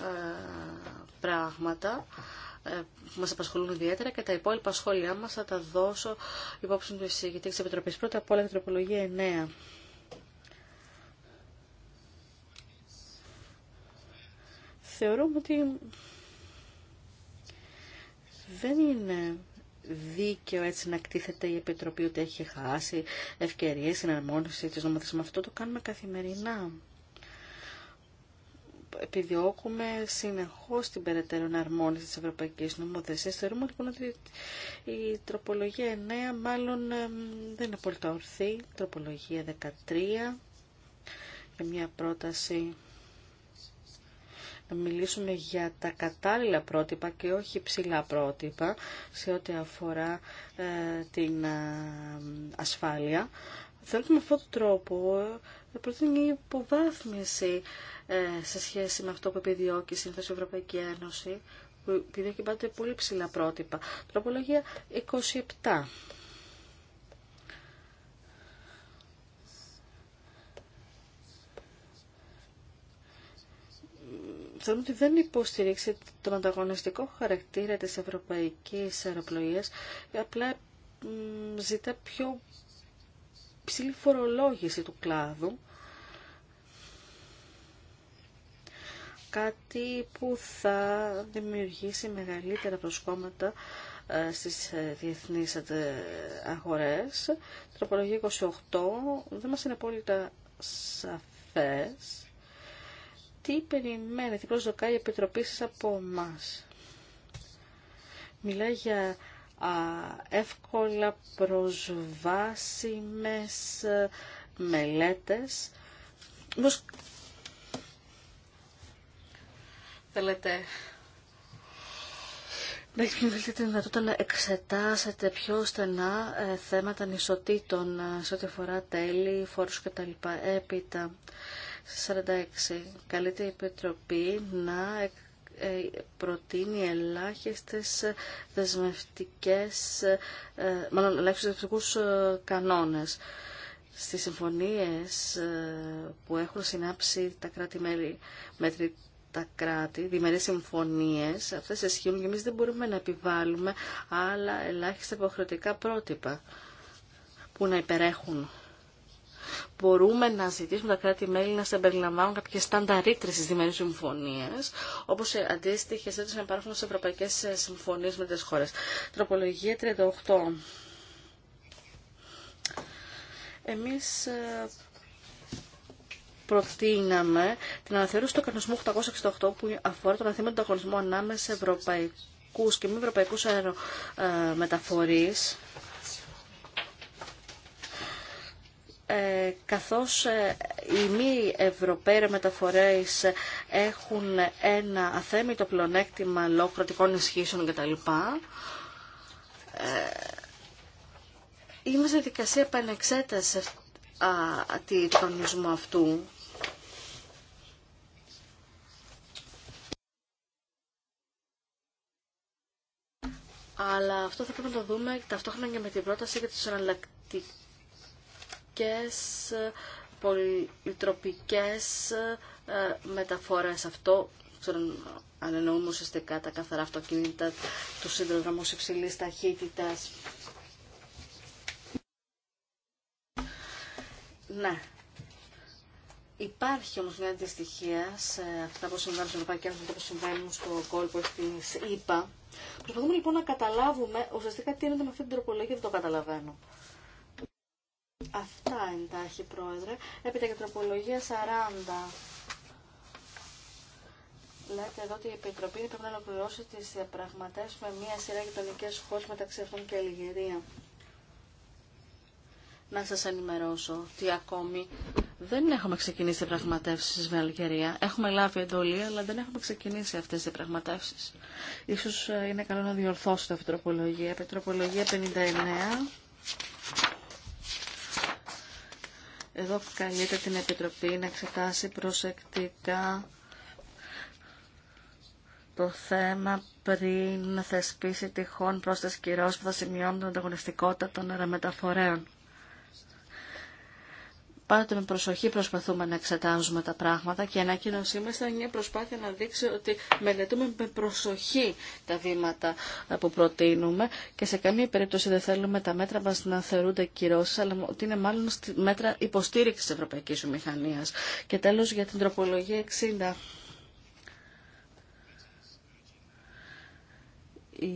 ε, πράγματα ε, που μας απασχολούν ιδιαίτερα και τα υπόλοιπα σχόλιά μας θα τα δώσω υπόψη του εισηγητή της Επιτροπής. Πρώτα απ' όλα η τροπολογία 9. Θεωρούμε ότι δεν είναι δίκαιο έτσι να κτίθεται η Επιτροπή ότι έχει χάσει ευκαιρίες συναρμόνιση της νομοθεσίας. Αυτό το κάνουμε καθημερινά. Επιδιώκουμε συνεχώς την περαιτέρω εναρμόνιση της Ευρωπαϊκής Νομοθεσίας. Θεωρούμε λοιπόν ότι η τροπολογία 9 μάλλον δεν είναι πολύ ορθή. Τροπολογία 13 Και μια πρόταση να μιλήσουμε για τα κατάλληλα πρότυπα και όχι ψηλά πρότυπα σε ό,τι αφορά ε, την ε, ασφάλεια. Θέλουμε με αυτόν τον τρόπο να ε, προτείνει υποβάθμιση σε σχέση με αυτό που επιδιώκει η η Ευρωπαϊκή Ένωση, που επιδιώκει πάντα πολύ ψηλά πρότυπα. Τροπολογία 27. θεωρώ ότι δεν υποστηρίξει τον ανταγωνιστικό χαρακτήρα της ευρωπαϊκής και απλά ζητά πιο ψηλή φορολόγηση του κλάδου, κάτι που θα δημιουργήσει μεγαλύτερα προσκόμματα ε, στις ε, διεθνείς ε, αγορές. Τροπολογία 28 δεν μας είναι απόλυτα σαφές τι περιμένει, τι προσδοκάει η Επιτροπή σας από εμά. Μιλάει για α, εύκολα προσβάσιμες ε, μελέτες. μους θέλετε να τη δυνατότητα να εξετάσετε πιο στενά ε, θέματα νησοτήτων ε, σε ό,τι αφορά τέλη, φόρους κτλ. Έπειτα, 46. Καλείται η Επιτροπή να ε, προτείνει ελάχιστες δεσμευτικές, ε, μάλλον ελάχιστους δεσμευτικούς ε, κανόνες. Στις συμφωνίες που έχουν συνάψει τα κράτη-μέλη με τα κράτη, διμερείς συμφωνίες, αυτές ισχύουν και εμείς δεν μπορούμε να επιβάλλουμε άλλα ελάχιστα υποχρεωτικά πρότυπα που να υπερέχουν Μπορούμε να ζητήσουμε τα κράτη-μέλη να συμπεριλαμβάνουν κάποιε στανταρίτρε στι διμερεί συμφωνίε, όπω αντίστοιχε έτσι να υπάρχουν σε ευρωπαϊκέ ε, συμφωνίε με τι χώρε. Τροπολογία 38. Εμείς ε, προτείναμε την αναθεώρηση του κανονισμού 868 που αφορά τον αθήμα του ανταγωνισμού ανάμεσα ευρωπαϊκούς και μη ευρωπαϊκούς ε, Ε, καθώς ε, οι μη Ευρωπαίοι μεταφορές έχουν ένα αθέμητο πλονέκτημα λόγω κρατικών ισχύσεων κτλ. Ε, είμαστε δικασία επανεξέταση του κανονισμού αυτού. Αλλά αυτό θα πρέπει να το δούμε ταυτόχρονα και με την πρόταση για τους εναλλακτικές πολιτικές πολυτροπικές ε, μεταφορές. Αυτό αν εννοούμε ουσιαστικά τα καθαρά αυτοκίνητα, του σύνδρομου υψηλή ταχύτητα. Ναι. Υπάρχει όμως μια αντιστοιχία σε αυτά που συμβαίνουν και που συμβαίνουν στο κόλπο τη ΕΠΑ. Προσπαθούμε λοιπόν να καταλάβουμε ουσιαστικά τι είναι με αυτή την τροπολογία, δεν το καταλαβαίνω. Αυτά εντάχει, Πρόεδρε. Έπειτα και τροπολογία 40. Λέτε εδώ ότι η Επιτροπή πρέπει να ολοκληρώσει τι διαπραγματεύσει με μία σειρά γειτονικέ χώρε μεταξύ αυτών και Αλγερία. Να σα ενημερώσω ότι ακόμη δεν έχουμε ξεκινήσει διαπραγματεύσει με Αλγερία. Έχουμε λάβει εντολή, αλλά δεν έχουμε ξεκινήσει αυτέ τι διαπραγματεύσει. σω ε, είναι καλό να διορθώσετε αυτή την τροπολογία. Επιτροπολογία 59. Εδώ καλείται την Επιτροπή να εξετάσει προσεκτικά το θέμα πριν θεσπίσει τυχόν προς τις κυρώσεις που θα σημειώνουν την ανταγωνιστικότητα των αερομεταφορέων. Πάντοτε με προσοχή προσπαθούμε να εξετάζουμε τα πράγματα και η ανακοίνωσή μα ήταν μια προσπάθεια να δείξει ότι μελετούμε με προσοχή τα βήματα που προτείνουμε και σε καμία περίπτωση δεν θέλουμε τα μέτρα μα να θεωρούνται κυρώσει, αλλά ότι είναι μάλλον μέτρα υποστήριξη τη Ευρωπαϊκή Ομηχανία. Και τέλο για την τροπολογία 60. Η...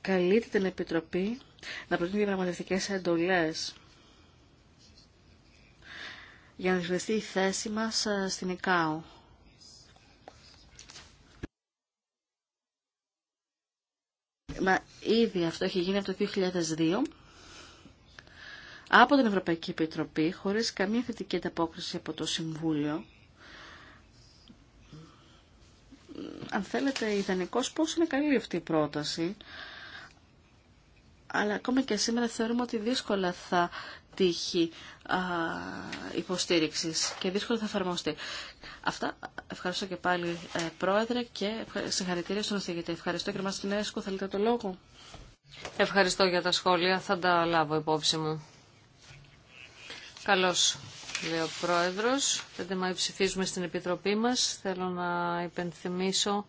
Καλείται την Επιτροπή να προτείνει διαπραγματευτικές εντολές για να δημιουργηθεί η θέση μας ε, στην ΕΚΑΟ. Μα ήδη αυτό έχει γίνει από το 2002 από την Ευρωπαϊκή Επιτροπή χωρίς καμία θετική ανταπόκριση από το Συμβούλιο. Αν θέλετε ιδανικός πώς είναι καλή αυτή η πρόταση αλλά ακόμα και σήμερα θεωρούμε ότι δύσκολα θα τύχη α, υποστήριξης και δύσκολα θα εφαρμοστεί. Αυτά. Ευχαριστώ και πάλι ε, Πρόεδρε και συγχαρητήρια στον οδηγητή. Ευχαριστώ κύριε Μαστινέσκου. Θέλετε το λόγο. Ευχαριστώ για τα σχόλια. Θα τα λάβω υπόψη μου. Καλώς, λέει ο Πρόεδρος. 5 μα ψηφίζουμε στην Επιτροπή μας. Θέλω να υπενθυμίσω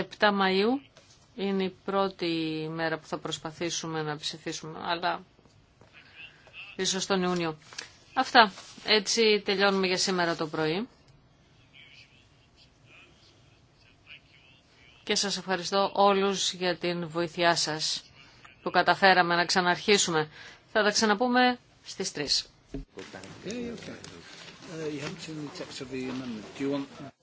7 Μαΐου είναι η πρώτη μέρα που θα προσπαθήσουμε να ψηφίσουμε, αλλά ίσως τον Ιούνιο. Αυτά. Έτσι τελειώνουμε για σήμερα το πρωί. Και σας ευχαριστώ όλους για την βοήθειά σας που καταφέραμε να ξαναρχίσουμε. Θα τα ξαναπούμε στις 3.